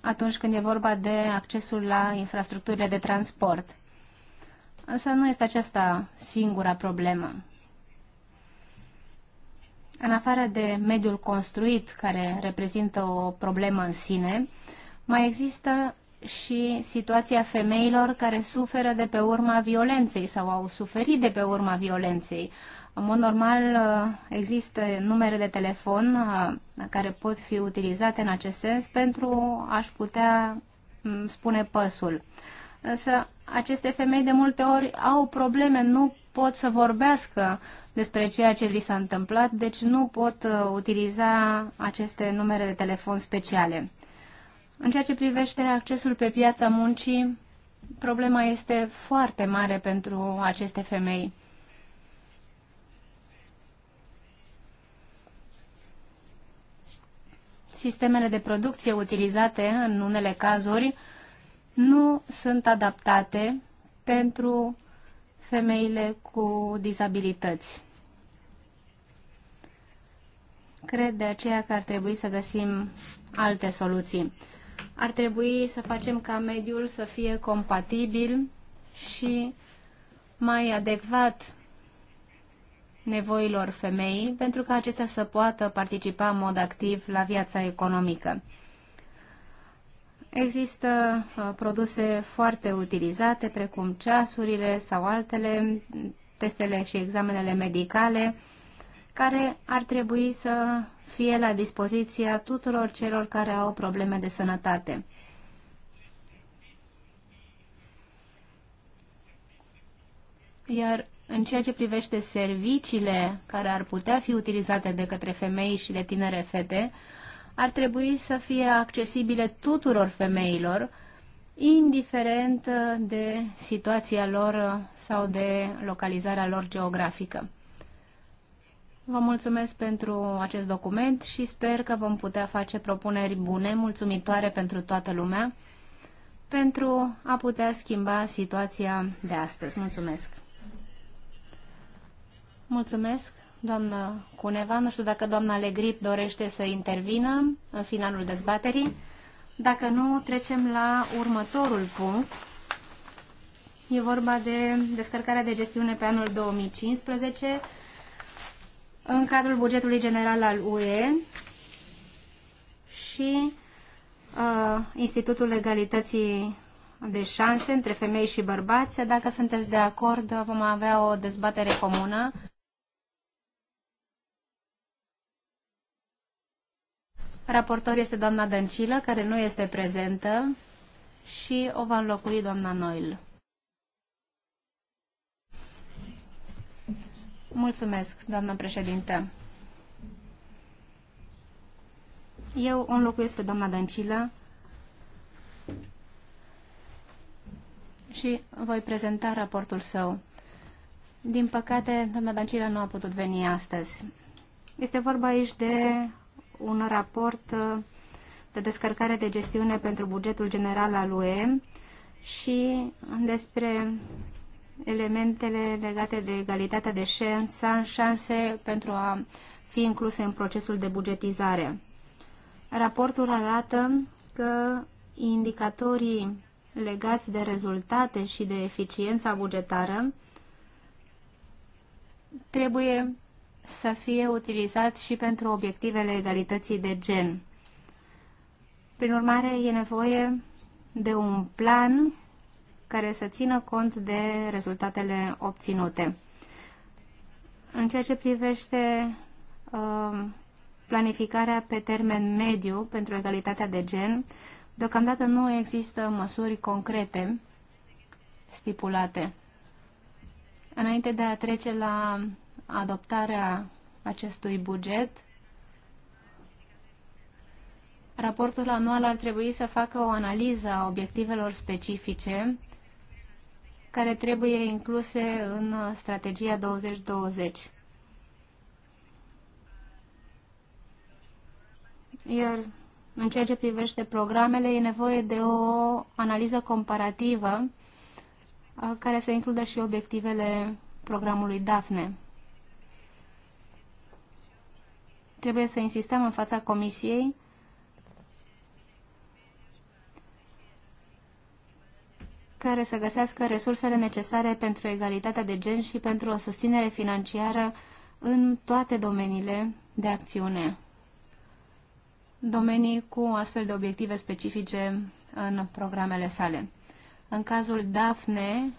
atunci când e vorba de accesul la infrastructurile de transport. Însă nu este aceasta singura problemă. În afară de mediul construit, care reprezintă o problemă în sine, mai există și situația femeilor care suferă de pe urma violenței sau au suferit de pe urma violenței. În mod normal uh, există numere de telefon uh, care pot fi utilizate în acest sens pentru a-și putea mm, spune păsul. Însă aceste femei de multe ori au probleme, nu pot să vorbească despre ceea ce li s-a întâmplat, deci nu pot uh, utiliza aceste numere de telefon speciale. În ceea ce privește accesul pe piața muncii, problema este foarte mare pentru aceste femei. sistemele de producție utilizate în unele cazuri nu sunt adaptate pentru femeile cu dizabilități. Cred de aceea că ar trebui să găsim alte soluții. Ar trebui să facem ca mediul să fie compatibil și mai adecvat nevoilor femeii pentru ca acestea să poată participa în mod activ la viața economică. Există uh, produse foarte utilizate, precum ceasurile sau altele, testele și examenele medicale, care ar trebui să fie la dispoziția tuturor celor care au probleme de sănătate. Iar în ceea ce privește serviciile care ar putea fi utilizate de către femei și de tinere fete, ar trebui să fie accesibile tuturor femeilor, indiferent de situația lor sau de localizarea lor geografică. Vă mulțumesc pentru acest document și sper că vom putea face propuneri bune, mulțumitoare pentru toată lumea, pentru a putea schimba situația de astăzi. Mulțumesc! Mulțumesc, doamnă Cuneva. Nu știu dacă doamna Legrip dorește să intervină în finalul dezbaterii. Dacă nu, trecem la următorul punct. E vorba de descărcarea de gestiune pe anul 2015 în cadrul bugetului general al UE și uh, Institutul Egalității de Șanse între femei și bărbați. Dacă sunteți de acord, vom avea o dezbatere comună. Raportor este doamna Dăncilă, care nu este prezentă și o va înlocui doamna Noil. Mulțumesc, doamna președintă. Eu o înlocuiesc pe doamna Dăncilă și voi prezenta raportul său. Din păcate, doamna Dăncilă nu a putut veni astăzi. Este vorba aici de un raport uh, de descărcare de gestiune pentru bugetul general al UE și despre elementele legate de egalitatea de șanse pentru a fi incluse în procesul de bugetizare. Raportul arată că indicatorii legați de rezultate și de eficiența bugetară trebuie să fie utilizat și pentru obiectivele egalității de gen. Prin urmare, e nevoie de un plan care să țină cont de rezultatele obținute. În ceea ce privește uh, planificarea pe termen mediu pentru egalitatea de gen, deocamdată nu există măsuri concrete stipulate. Înainte de a trece la adoptarea acestui buget, raportul anual ar trebui să facă o analiză a obiectivelor specifice care trebuie incluse în strategia 2020. Iar în ceea ce privește programele, e nevoie de o analiză comparativă care să includă și obiectivele programului DAFNE. Trebuie să insistăm în fața Comisiei care să găsească resursele necesare pentru egalitatea de gen și pentru o susținere financiară în toate domeniile de acțiune. Domenii cu astfel de obiective specifice în programele sale. În cazul DAFNE,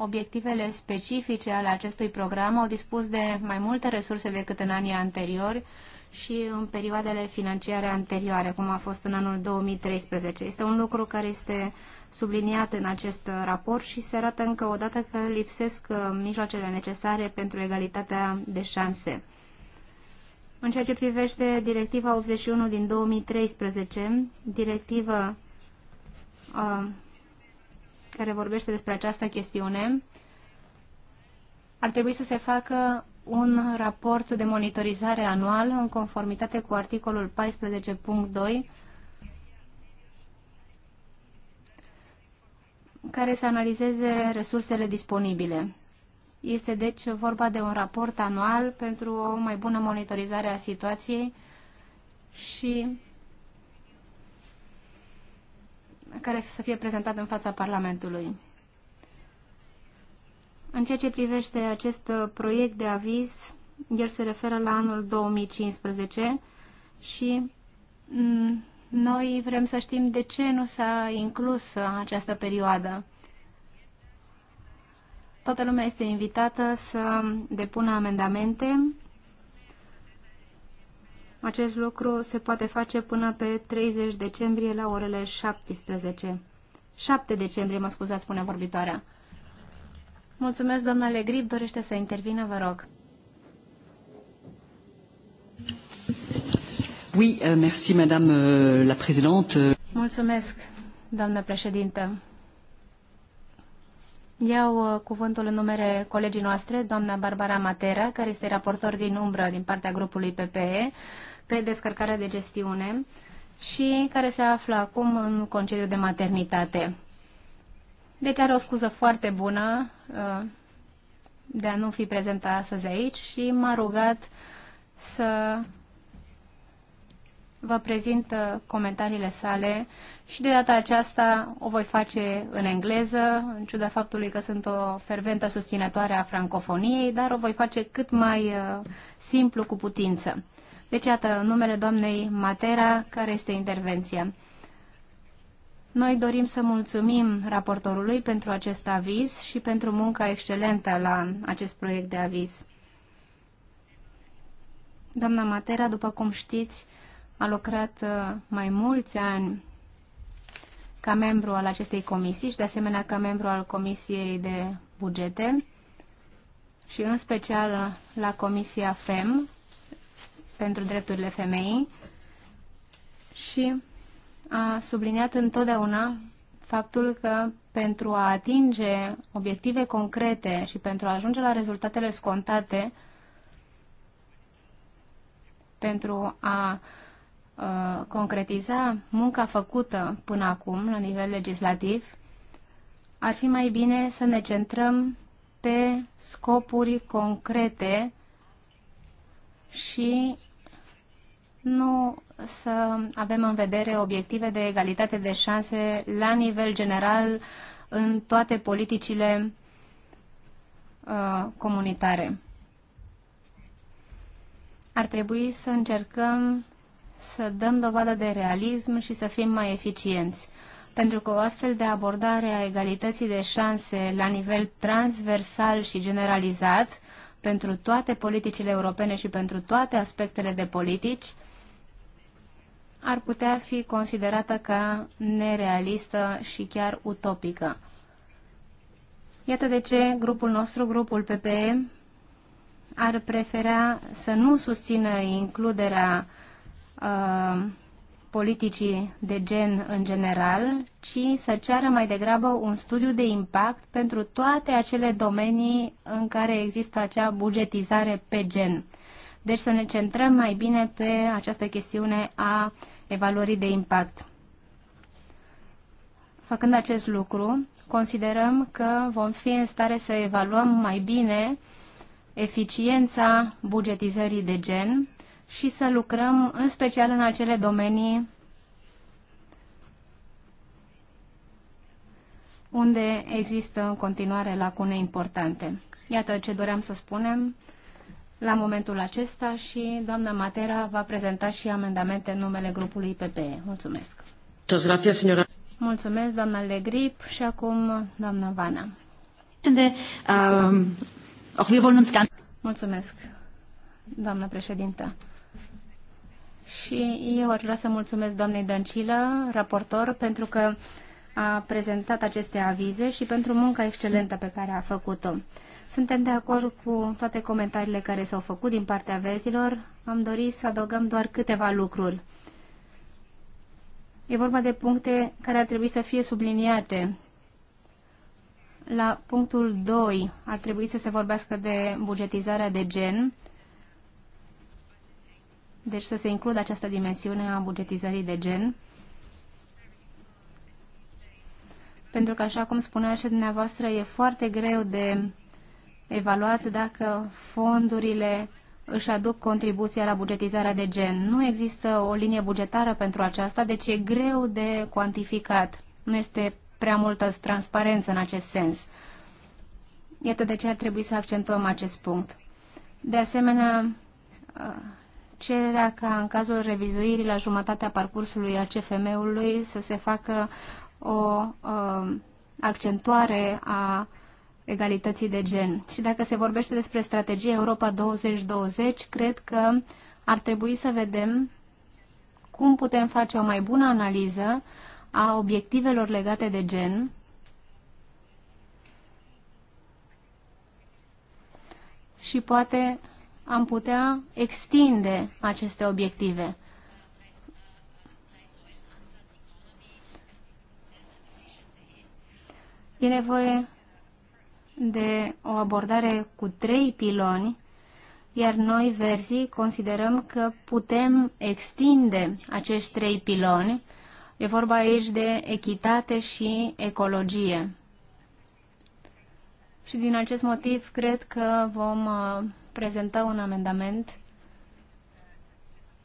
obiectivele specifice ale acestui program au dispus de mai multe resurse decât în anii anteriori și în perioadele financiare anterioare, cum a fost în anul 2013. Este un lucru care este subliniat în acest raport și se arată încă o dată că lipsesc uh, mijloacele necesare pentru egalitatea de șanse. În ceea ce privește Directiva 81 din 2013, Directiva uh, care vorbește despre această chestiune, ar trebui să se facă un raport de monitorizare anual în conformitate cu articolul 14.2 care să analizeze resursele disponibile. Este deci vorba de un raport anual pentru o mai bună monitorizare a situației și care să fie prezentat în fața Parlamentului. În ceea ce privește acest uh, proiect de aviz, el se referă la anul 2015 și mm, noi vrem să știm de ce nu s-a inclus uh, această perioadă. Toată lumea este invitată să depună amendamente acest lucru se poate face până pe 30 decembrie la orele 17. 7 decembrie, mă scuzați, spune vorbitoarea. Mulțumesc, doamna Legrip, dorește să intervină, vă rog. Oui, euh, merci, madame euh, la présidente. Mulțumesc, doamnă președintă. Iau uh, cuvântul în numere colegii noastre, doamna Barbara Matera, care este raportor din umbră din partea grupului PPE pe descărcarea de gestiune și care se află acum în concediu de maternitate. Deci are o scuză foarte bună uh, de a nu fi prezentă astăzi aici și m-a rugat să vă prezint uh, comentariile sale și de data aceasta o voi face în engleză, în ciuda faptului că sunt o ferventă susținătoare a francofoniei, dar o voi face cât mai uh, simplu cu putință. Deci, iată, numele doamnei Matera, care este intervenția. Noi dorim să mulțumim raportorului pentru acest aviz și pentru munca excelentă la acest proiect de aviz. Doamna Matera, după cum știți, a lucrat uh, mai mulți ani ca membru al acestei comisii și de asemenea ca membru al Comisiei de Bugete și în special la Comisia FEM pentru drepturile femeii și a subliniat întotdeauna faptul că pentru a atinge obiective concrete și pentru a ajunge la rezultatele scontate, pentru a uh, Uh, concretiza munca făcută până acum la nivel legislativ, ar fi mai bine să ne centrăm pe scopuri concrete și nu să avem în vedere obiective de egalitate de șanse la nivel general în toate politicile uh, comunitare. Ar trebui să încercăm să dăm dovadă de realism și să fim mai eficienți, pentru că o astfel de abordare a egalității de șanse la nivel transversal și generalizat pentru toate politicile europene și pentru toate aspectele de politici ar putea fi considerată ca nerealistă și chiar utopică. Iată de ce grupul nostru, grupul PPE, ar prefera să nu susțină includerea uh, politicii de gen în general, ci să ceară mai degrabă un studiu de impact pentru toate acele domenii în care există acea bugetizare pe gen. Deci să ne centrăm mai bine pe această chestiune a evaluării de impact. Făcând acest lucru, considerăm că vom fi în stare să evaluăm mai bine eficiența bugetizării de gen și să lucrăm în special în acele domenii unde există în continuare lacune importante. Iată ce doream să spunem la momentul acesta și doamna Matera va prezenta și amendamente în numele grupului PPE. Mulțumesc! Mulțumesc, doamna Legrip și acum doamna Vana. Uh, Mulțumesc, doamna președintă și eu aș vrea să mulțumesc doamnei Dăncilă, raportor, pentru că a prezentat aceste avize și pentru munca excelentă pe care a făcut-o. Suntem de acord cu toate comentariile care s-au făcut din partea vezilor. Am dorit să adăugăm doar câteva lucruri. E vorba de puncte care ar trebui să fie subliniate. La punctul 2 ar trebui să se vorbească de bugetizarea de gen deci să se includă această dimensiune a bugetizării de gen. Pentru că, așa cum spunea și dumneavoastră, e foarte greu de evaluat dacă fondurile își aduc contribuția la bugetizarea de gen. Nu există o linie bugetară pentru aceasta, deci e greu de cuantificat. Nu este prea multă transparență în acest sens. Iată de ce ar trebui să accentuăm acest punct. De asemenea, cererea ca în cazul revizuirii la jumătatea parcursului a CFM-ului să se facă o uh, accentuare a egalității de gen. Și dacă se vorbește despre strategia Europa 2020, cred că ar trebui să vedem cum putem face o mai bună analiză a obiectivelor legate de gen și poate am putea extinde aceste obiective. E nevoie de o abordare cu trei piloni, iar noi, verzii, considerăm că putem extinde acești trei piloni. E vorba aici de echitate și ecologie. Și din acest motiv cred că vom uh, prezenta un amendament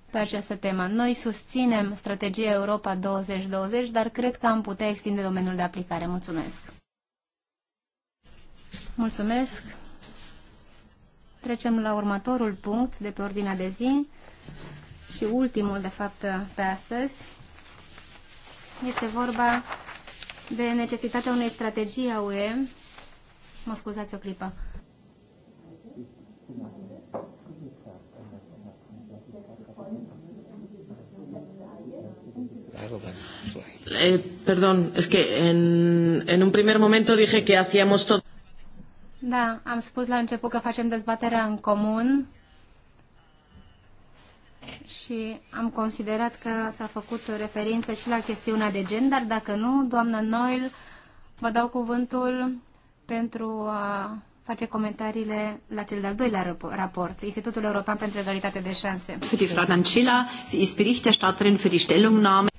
pe această temă. Noi susținem strategia Europa 2020, dar cred că am putea extinde domeniul de aplicare. Mulțumesc! Mulțumesc! Trecem la următorul punct de pe ordinea de zi și ultimul, de fapt, pe astăzi. Este vorba de necesitatea unei strategii a UE. Mă scuzați o clipă. Eh, perdón, es que en, en un primer momento dije que hacíamos todo. Da, am spus la început că facem dezbaterea în comun și am considerat că s-a făcut referință și la chestiunea de gen, dar dacă nu, doamnă Noil, vă dau cuvântul pentru a face comentariile la cel de-al doilea raport, Institutul European pentru Egalitate de Șanse.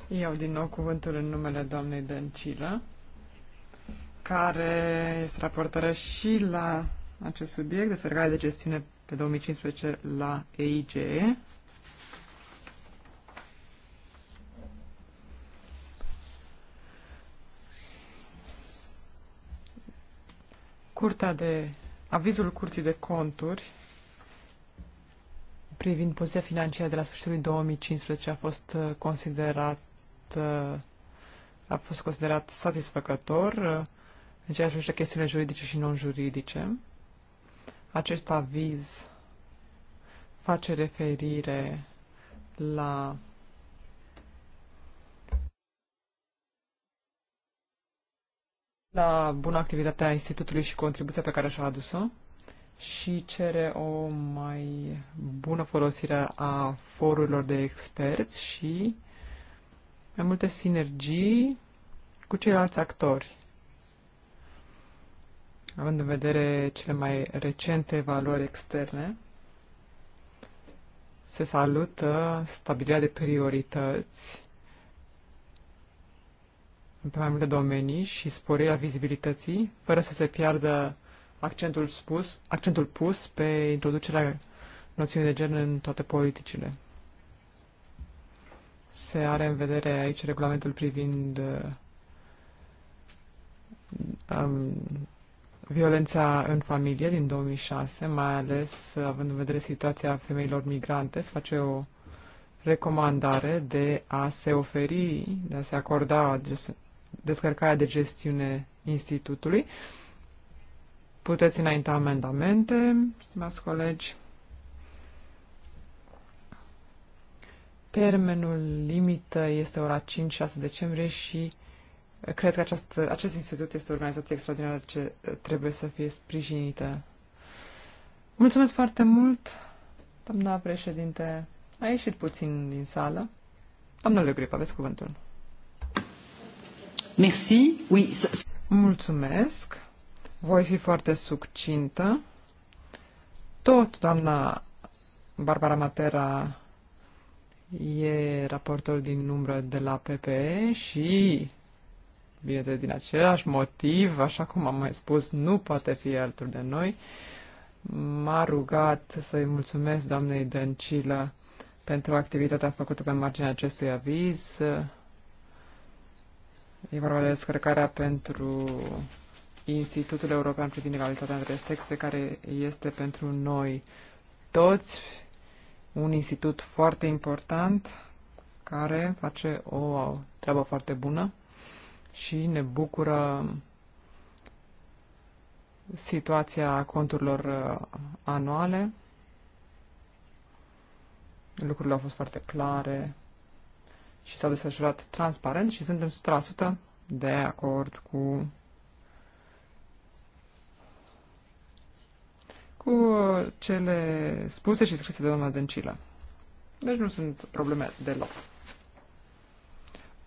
Iau din nou cuvântul în numele doamnei Dăncilă, care este raportără și la acest subiect de sărgare de gestiune pe 2015 la EIGE. Curtea de, avizul Curții de Conturi privind poziția financiară de la sfârșitul 2015 a fost uh, considerat uh, a fost considerat satisfăcător uh, în ceea ce privește juridice și non-juridice. Acest aviz face referire la la bună activitatea Institutului și contribuția pe care și-a adus-o și cere o mai bună folosire a forurilor de experți și mai multe sinergii cu ceilalți actori. Având în vedere cele mai recente valori externe, se salută stabilirea de priorități pe mai multe domenii și sporirea vizibilității, fără să se piardă accentul, spus, accentul pus pe introducerea noțiunii de gen în toate politicile. Se are în vedere aici regulamentul privind uh, um, violența în familie din 2006, mai ales având în vedere situația femeilor migrante, se face o recomandare de a se oferi, de a se acorda descărcarea de gestiune institutului. Puteți înainta amendamente, stimați colegi. Termenul limită este ora 5-6 decembrie și eh, cred că acest, acest institut este o organizație extraordinară ce eh, trebuie să fie sprijinită. Mulțumesc foarte mult, doamna președinte. A ieșit puțin din sală. Doamna Gripa, aveți cuvântul. Merci. Oui. Mulțumesc. Voi fi foarte succintă. Tot doamna Barbara Matera e raportor din numără de la PPE și, bine de din același motiv, așa cum am mai spus, nu poate fi altul de noi, m-a rugat să-i mulțumesc doamnei Dăncilă pentru activitatea făcută pe marginea acestui aviz. E vorba de descărcarea pentru Institutul European privind egalitatea între sexe, care este pentru noi toți un institut foarte important care face o treabă foarte bună și ne bucură situația conturilor uh, anuale. Lucrurile au fost foarte clare și s-au desfășurat transparent și suntem 100% de acord cu cu cele spuse și scrise de doamna Dăncilă. Deci nu sunt probleme deloc.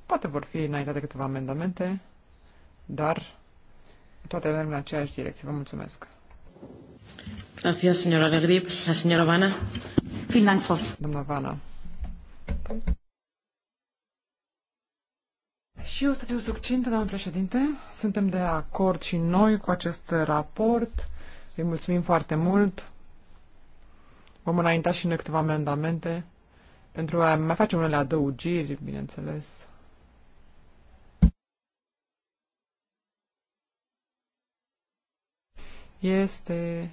Poate vor fi de câteva amendamente, dar toate merg în aceeași direcție. Vă mulțumesc. Gracias, señora Legrip. La señora Vana. Vielen Dank, Frau. Doamna Vana. Și eu să fiu succintă, doamnă președinte. Suntem de acord și noi cu acest raport. Îi mulțumim foarte mult. Vom înainta și noi câteva amendamente pentru a mai face unele adăugiri, bineînțeles. Este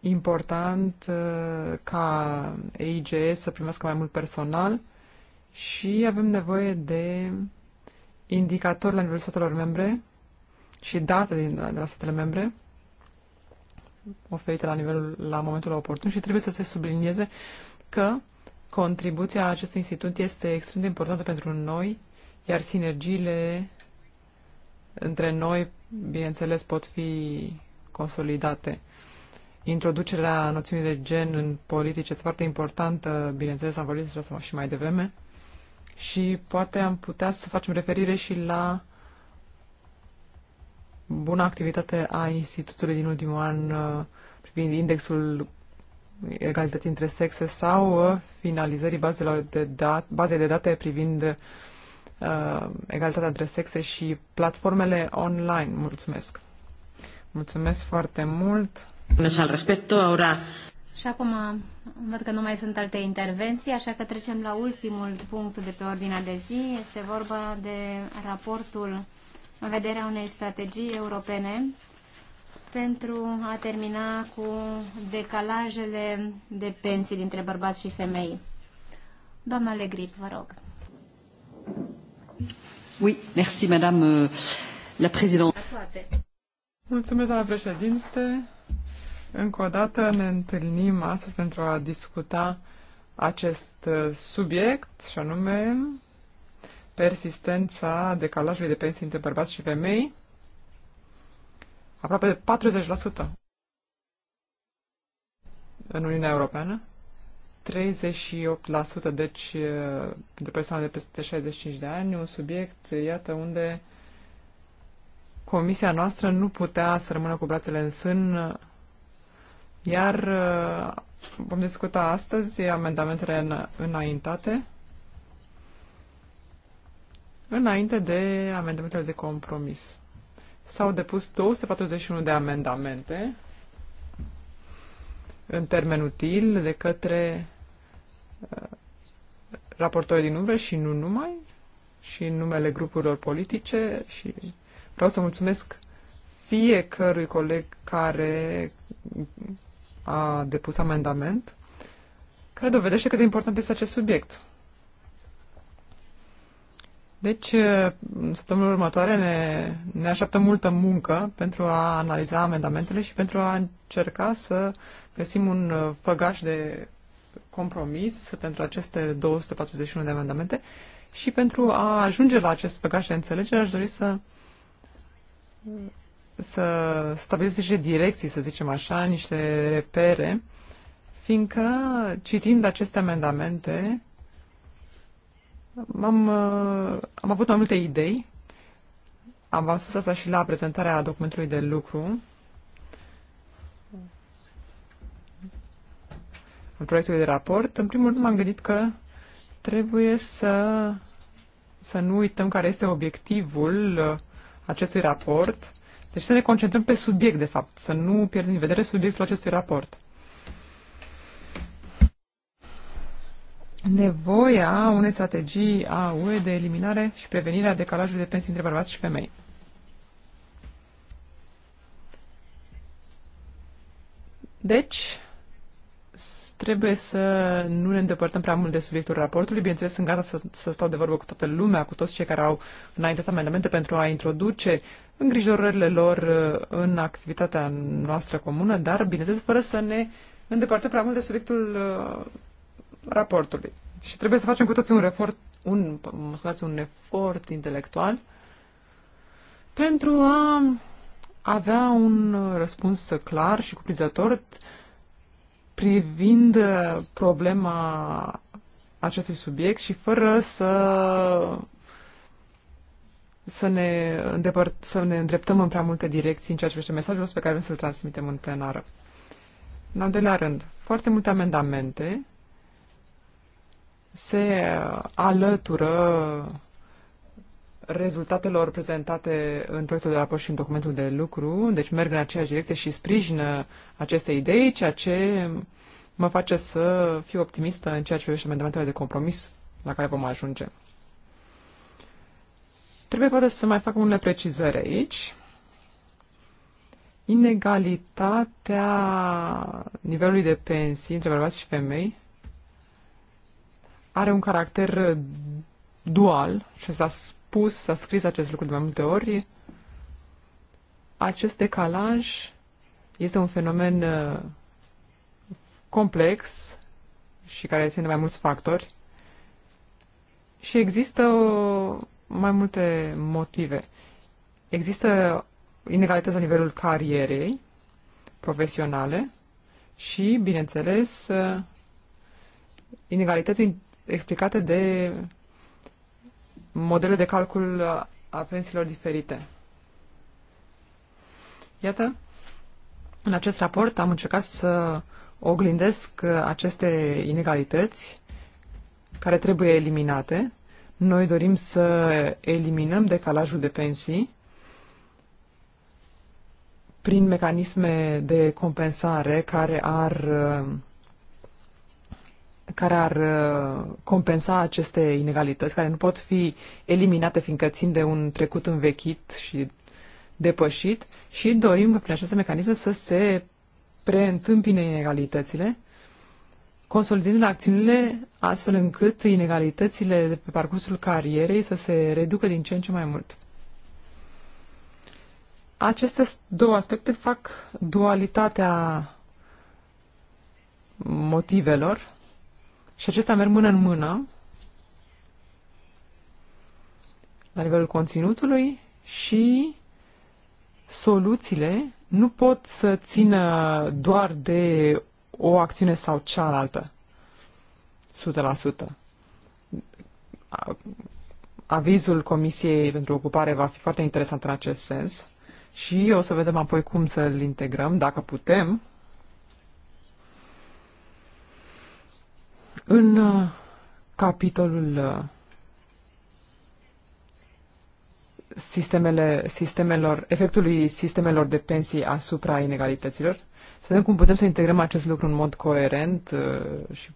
important uh, ca EIGE să primească mai mult personal și avem nevoie de indicatori la nivelul statelor membre și date din, de la statele membre oferite la nivelul la momentul oportun și trebuie să se sublinieze că contribuția acestui institut este extrem de importantă pentru noi, iar sinergiile între noi, bineînțeles, pot fi consolidate. Introducerea noțiunii de gen în politici este foarte importantă, bineînțeles, am vorbit despre asta și mai devreme și poate am putea să facem referire și la bună activitate a Institutului din ultimul an uh, privind indexul egalității între sexe sau uh, finalizării bazelor de dat, baze de date privind uh, egalitatea între sexe și platformele online. Mulțumesc! Mulțumesc foarte mult! Al respecto, ahora... Și acum văd că nu mai sunt alte intervenții, așa că trecem la ultimul punct de pe ordinea de zi. Este vorba de raportul în vederea unei strategii europene pentru a termina cu decalajele de pensii dintre bărbați și femei. Doamna Legrip, vă rog. Oui, merci, madame euh, la Mulțumesc, doamna președinte. Încă o dată ne întâlnim astăzi pentru a discuta acest uh, subiect, și anume persistența decalajului de pensii între bărbați și femei, aproape de 40% în Uniunea Europeană, 38%, deci de uh, persoane de peste 65 de ani, un subiect, iată, unde comisia noastră nu putea să rămână cu brațele în sân iar uh, vom discuta astăzi amendamentele în, înaintate, înainte de amendamentele de compromis. S-au depus 241 de amendamente în termen util de către uh, raportorii din umbră și nu numai, și în numele grupurilor politice și vreau să mulțumesc fiecărui coleg care a depus amendament care dovedește cât de important este acest subiect. Deci, în săptămâna următoare ne, ne așteaptă multă muncă pentru a analiza amendamentele și pentru a încerca să găsim un uh, făgaș de compromis pentru aceste 241 de amendamente și pentru a ajunge la acest făgaș de înțelegere aș dori să să stabilesc niște direcții, să zicem așa, niște repere, fiindcă citind aceste amendamente am, uh, am avut mai multe idei. Am v-am spus asta și la prezentarea documentului de lucru. În proiectul de raport, în primul rând m-am gândit că trebuie să, să nu uităm care este obiectivul uh, acestui raport deci să ne concentrăm pe subiect, de fapt, să nu pierdem în vedere subiectul acestui raport. Nevoia unei strategii a UE de eliminare și prevenirea decalajului de pensii între bărbați și femei. Deci, trebuie să nu ne îndepărtăm prea mult de subiectul raportului. Bineînțeles, sunt gata să, să stau de vorbă cu toată lumea, cu toți cei care au înaintat amendamente pentru a introduce îngrijorările lor uh, în activitatea noastră comună, dar, bineînțeles, fără să ne îndepărtăm prea mult de subiectul uh, raportului. Și trebuie să facem cu toții un efort, un, scuzați, un efort intelectual pentru a avea un răspuns clar și cuprinzător privind problema acestui subiect și fără să să ne, îndepăr- să ne îndreptăm în prea multe direcții în ceea ce privește mesajul pe care vrem să-l transmitem în plenară. În al doilea rând, foarte multe amendamente se alătură rezultatelor prezentate în proiectul de raport și în documentul de lucru, deci merg în aceeași direcție și sprijină aceste idei, ceea ce mă face să fiu optimistă în ceea ce privește amendamentele de compromis la care vom ajunge. Trebuie poate să mai fac unele precizări aici. Inegalitatea nivelului de pensii între bărbați și femei are un caracter dual și s-a spus, s-a scris acest lucru de mai multe ori. Acest decalaj este un fenomen uh, complex și care ține mai mulți factori și există o, mai multe motive. Există inegalități la nivelul carierei profesionale și, bineînțeles, inegalități explicate de modele de calcul a pensiilor diferite. Iată, în acest raport am încercat să oglindesc aceste inegalități care trebuie eliminate noi dorim să eliminăm decalajul de pensii prin mecanisme de compensare care ar care ar compensa aceste inegalități, care nu pot fi eliminate fiindcă țin de un trecut învechit și depășit și dorim prin aceste mecanisme să se preîntâmpine inegalitățile consolidând acțiunile astfel încât inegalitățile de pe parcursul carierei să se reducă din ce în ce mai mult. Aceste două aspecte fac dualitatea motivelor și acestea merg mână în mână la nivelul conținutului și soluțiile nu pot să țină doar de o acțiune sau cealaltă. 100%. Avizul Comisiei pentru Ocupare va fi foarte interesant în acest sens și o să vedem apoi cum să-l integrăm, dacă putem, în uh, capitolul uh, sistemele, sistemelor, efectului sistemelor de pensii asupra inegalităților. Să vedem cum putem să integrăm acest lucru în mod coerent uh, și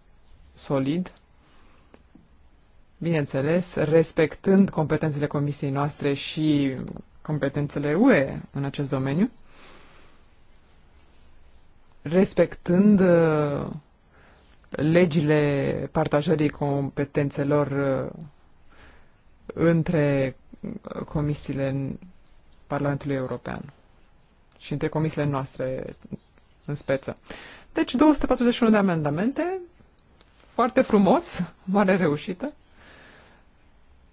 solid, bineînțeles, respectând competențele comisiei noastre și competențele UE în acest domeniu, respectând uh, legile partajării competențelor uh, între comisiile Parlamentului European și între comisiile noastre, în speță. Deci 241 de amendamente, foarte frumos, mare reușită.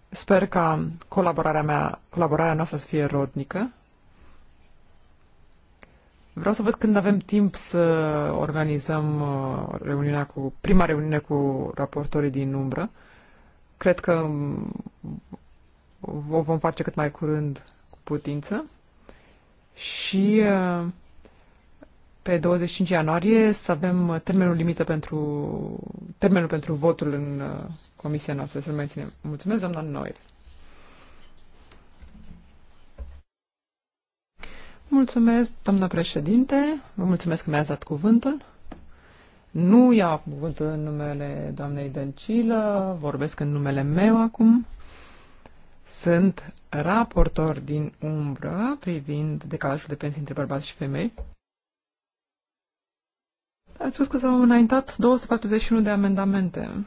Sper ca colaborarea, mea, colaborarea noastră să fie rodnică. Vreau să văd când avem timp să organizăm uh, reuniunea cu, prima reuniune cu raportorii din umbră. Cred că um, o vom face cât mai curând cu putință. Și uh, pe 25 ianuarie să avem uh, termenul limită pentru termenul pentru votul în uh, comisia noastră, să-l ținem. Mulțumesc, doamna Noir. Mulțumesc, doamna președinte. Vă mulțumesc că mi-ați dat cuvântul. Nu iau cuvântul în numele doamnei Dăncilă, vorbesc în numele meu acum. Sunt raportor din umbră privind decalajul de pensii între bărbați și femei Ați spus că s-au înaintat 241 de amendamente.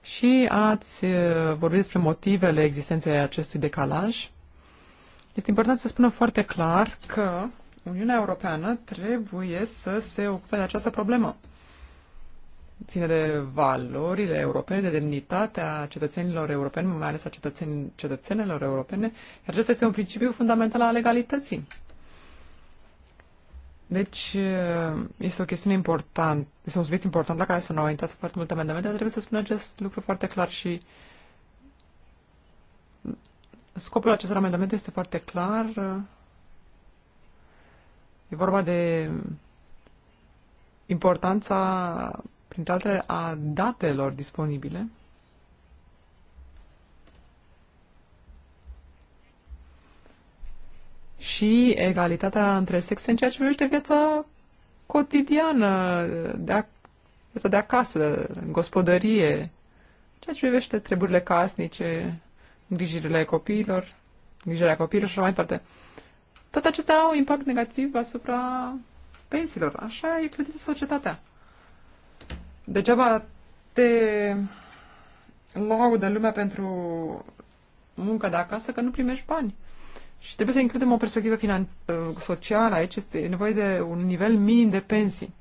Și ați eh, vorbit despre motivele existenței acestui decalaj. Este important să spună foarte clar că Uniunea Europeană trebuie să se ocupe de această problemă. Ține de valorile europene, de demnitatea cetățenilor europeni, mai ales a cetățenilor europene, iar acesta este un principiu fundamental al legalității. Deci, eh, este o chestiune importantă, este un subiect important la care s-au înaintat foarte multe amendamente, dar trebuie să spun acest lucru foarte clar și scopul acestor amendamente este foarte clar. E vorba de importanța, printre altele, a datelor disponibile și egalitatea între sexe în ceea ce privește viața cotidiană, de, a, viața de acasă, în gospodărie, ceea ce privește treburile casnice, îngrijirile copiilor, îngrijirea copiilor și așa mai departe. Toate acestea au impact negativ asupra pensiilor. Așa e clădită societatea. Degeaba te laudă lumea pentru muncă de acasă că nu primești bani. Și trebuie să includem o perspectivă finan- uh, socială aici, este nevoie de un nivel minim de pensii.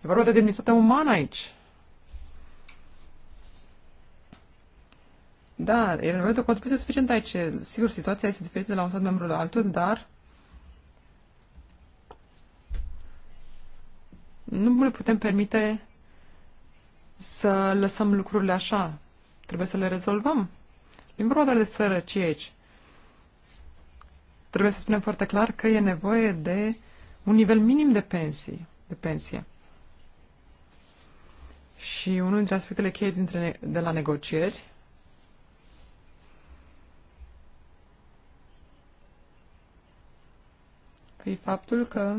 E vorba de demnitatea umană aici. Da, e nevoie de o contribuție suficientă aici. Sigur, situația este diferită de la un stat membru la altul, dar nu ne putem permite să lăsăm lucrurile așa. Trebuie să le rezolvăm. Din vorba doar de sărăcie aici. Trebuie să spunem foarte clar că e nevoie de un nivel minim de pensii, de pensie. Și unul dintre aspectele cheie dintre de la negocieri e faptul că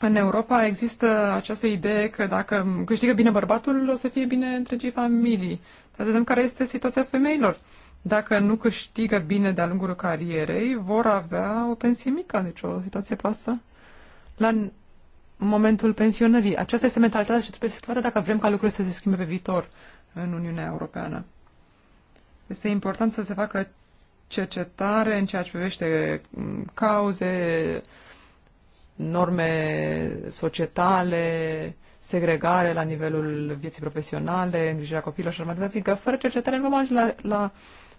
În Europa există această idee că dacă câștigă bine bărbatul, o să fie bine întregii familii vedem care este situația femeilor. Dacă nu câștigă bine de-a lungul carierei, vor avea o pensie mică, deci o situație proastă. La momentul pensionării. Aceasta este mentalitatea și trebuie schimbată dacă vrem ca lucrurile să se schimbe pe viitor în Uniunea Europeană. Este important să se facă cercetare în ceea ce privește mm, cauze, norme societale, segregare la nivelul vieții profesionale, îngrijirea copiilor și așa mai departe, fiindcă fără cercetare nu vom ajunge la, la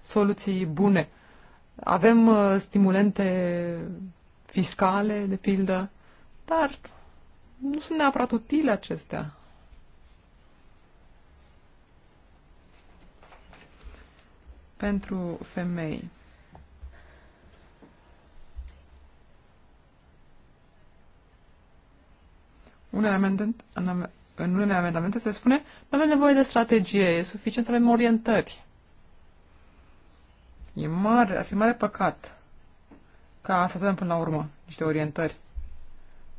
soluții bune. Avem uh, stimulente fiscale, de pildă, dar nu sunt neapărat utile acestea. Pentru femei. un element, în unele amendamente se spune nu avem nevoie de strategie, e suficient să avem orientări. E mare, ar fi mare păcat ca să avem până la urmă niște orientări.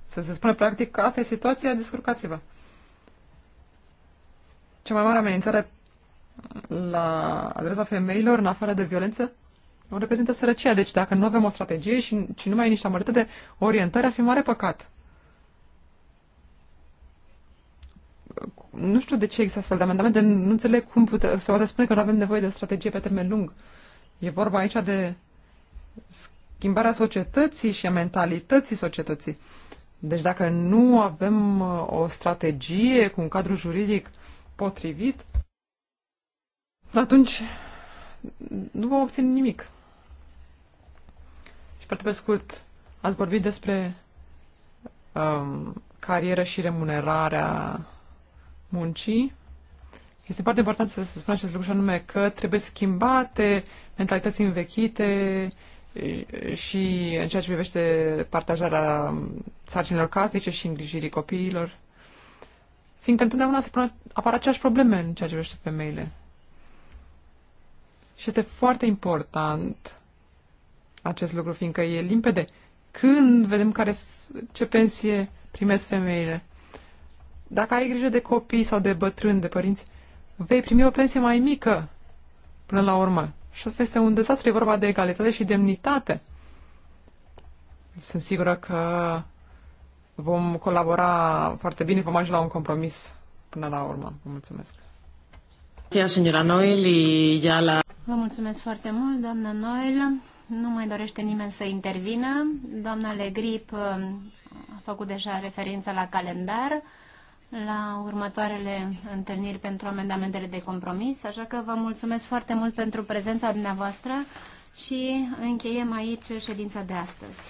Să se spune practic că asta e situația, descurcați-vă. Cea mai mare amenințare la adresa femeilor, în afară de violență, o reprezintă sărăcia. Deci dacă nu avem o strategie și, și e niște amărâte de orientări, ar fi mare păcat. nu știu de ce există astfel de amendamente, nu înțeleg cum pute, se poate spune că nu avem nevoie de o strategie pe termen lung. E vorba aici de schimbarea societății și a mentalității societății. Deci dacă nu avem uh, o strategie cu un cadru juridic potrivit, atunci nu vom obține nimic. Și foarte pe scurt, ați vorbit despre um, carieră și remunerarea muncii. Este foarte important să se spună acest lucru și anume că trebuie schimbate mentalități învechite și în ceea ce privește partajarea sarcinilor casnice și îngrijirii copiilor. Fiindcă întotdeauna se apar aceeași probleme în ceea ce privește femeile. Și este foarte important acest lucru, fiindcă e limpede când vedem care, ce pensie primesc femeile. Dacă ai grijă de copii sau de bătrâni, de părinți, vei primi o pensie mai mică până la urmă. Și asta este un dezastru, e vorba de egalitate și demnitate. Sunt sigură că vom colabora foarte bine, vom ajunge la un compromis până la urmă. Vă mulțumesc. Vă mulțumesc foarte mult, doamna Noel. Nu mai dorește nimeni să intervină. Doamna Legrip um, a făcut deja referință la calendar la următoarele întâlniri pentru amendamentele de compromis, așa că vă mulțumesc foarte mult pentru prezența dumneavoastră și încheiem aici ședința de astăzi.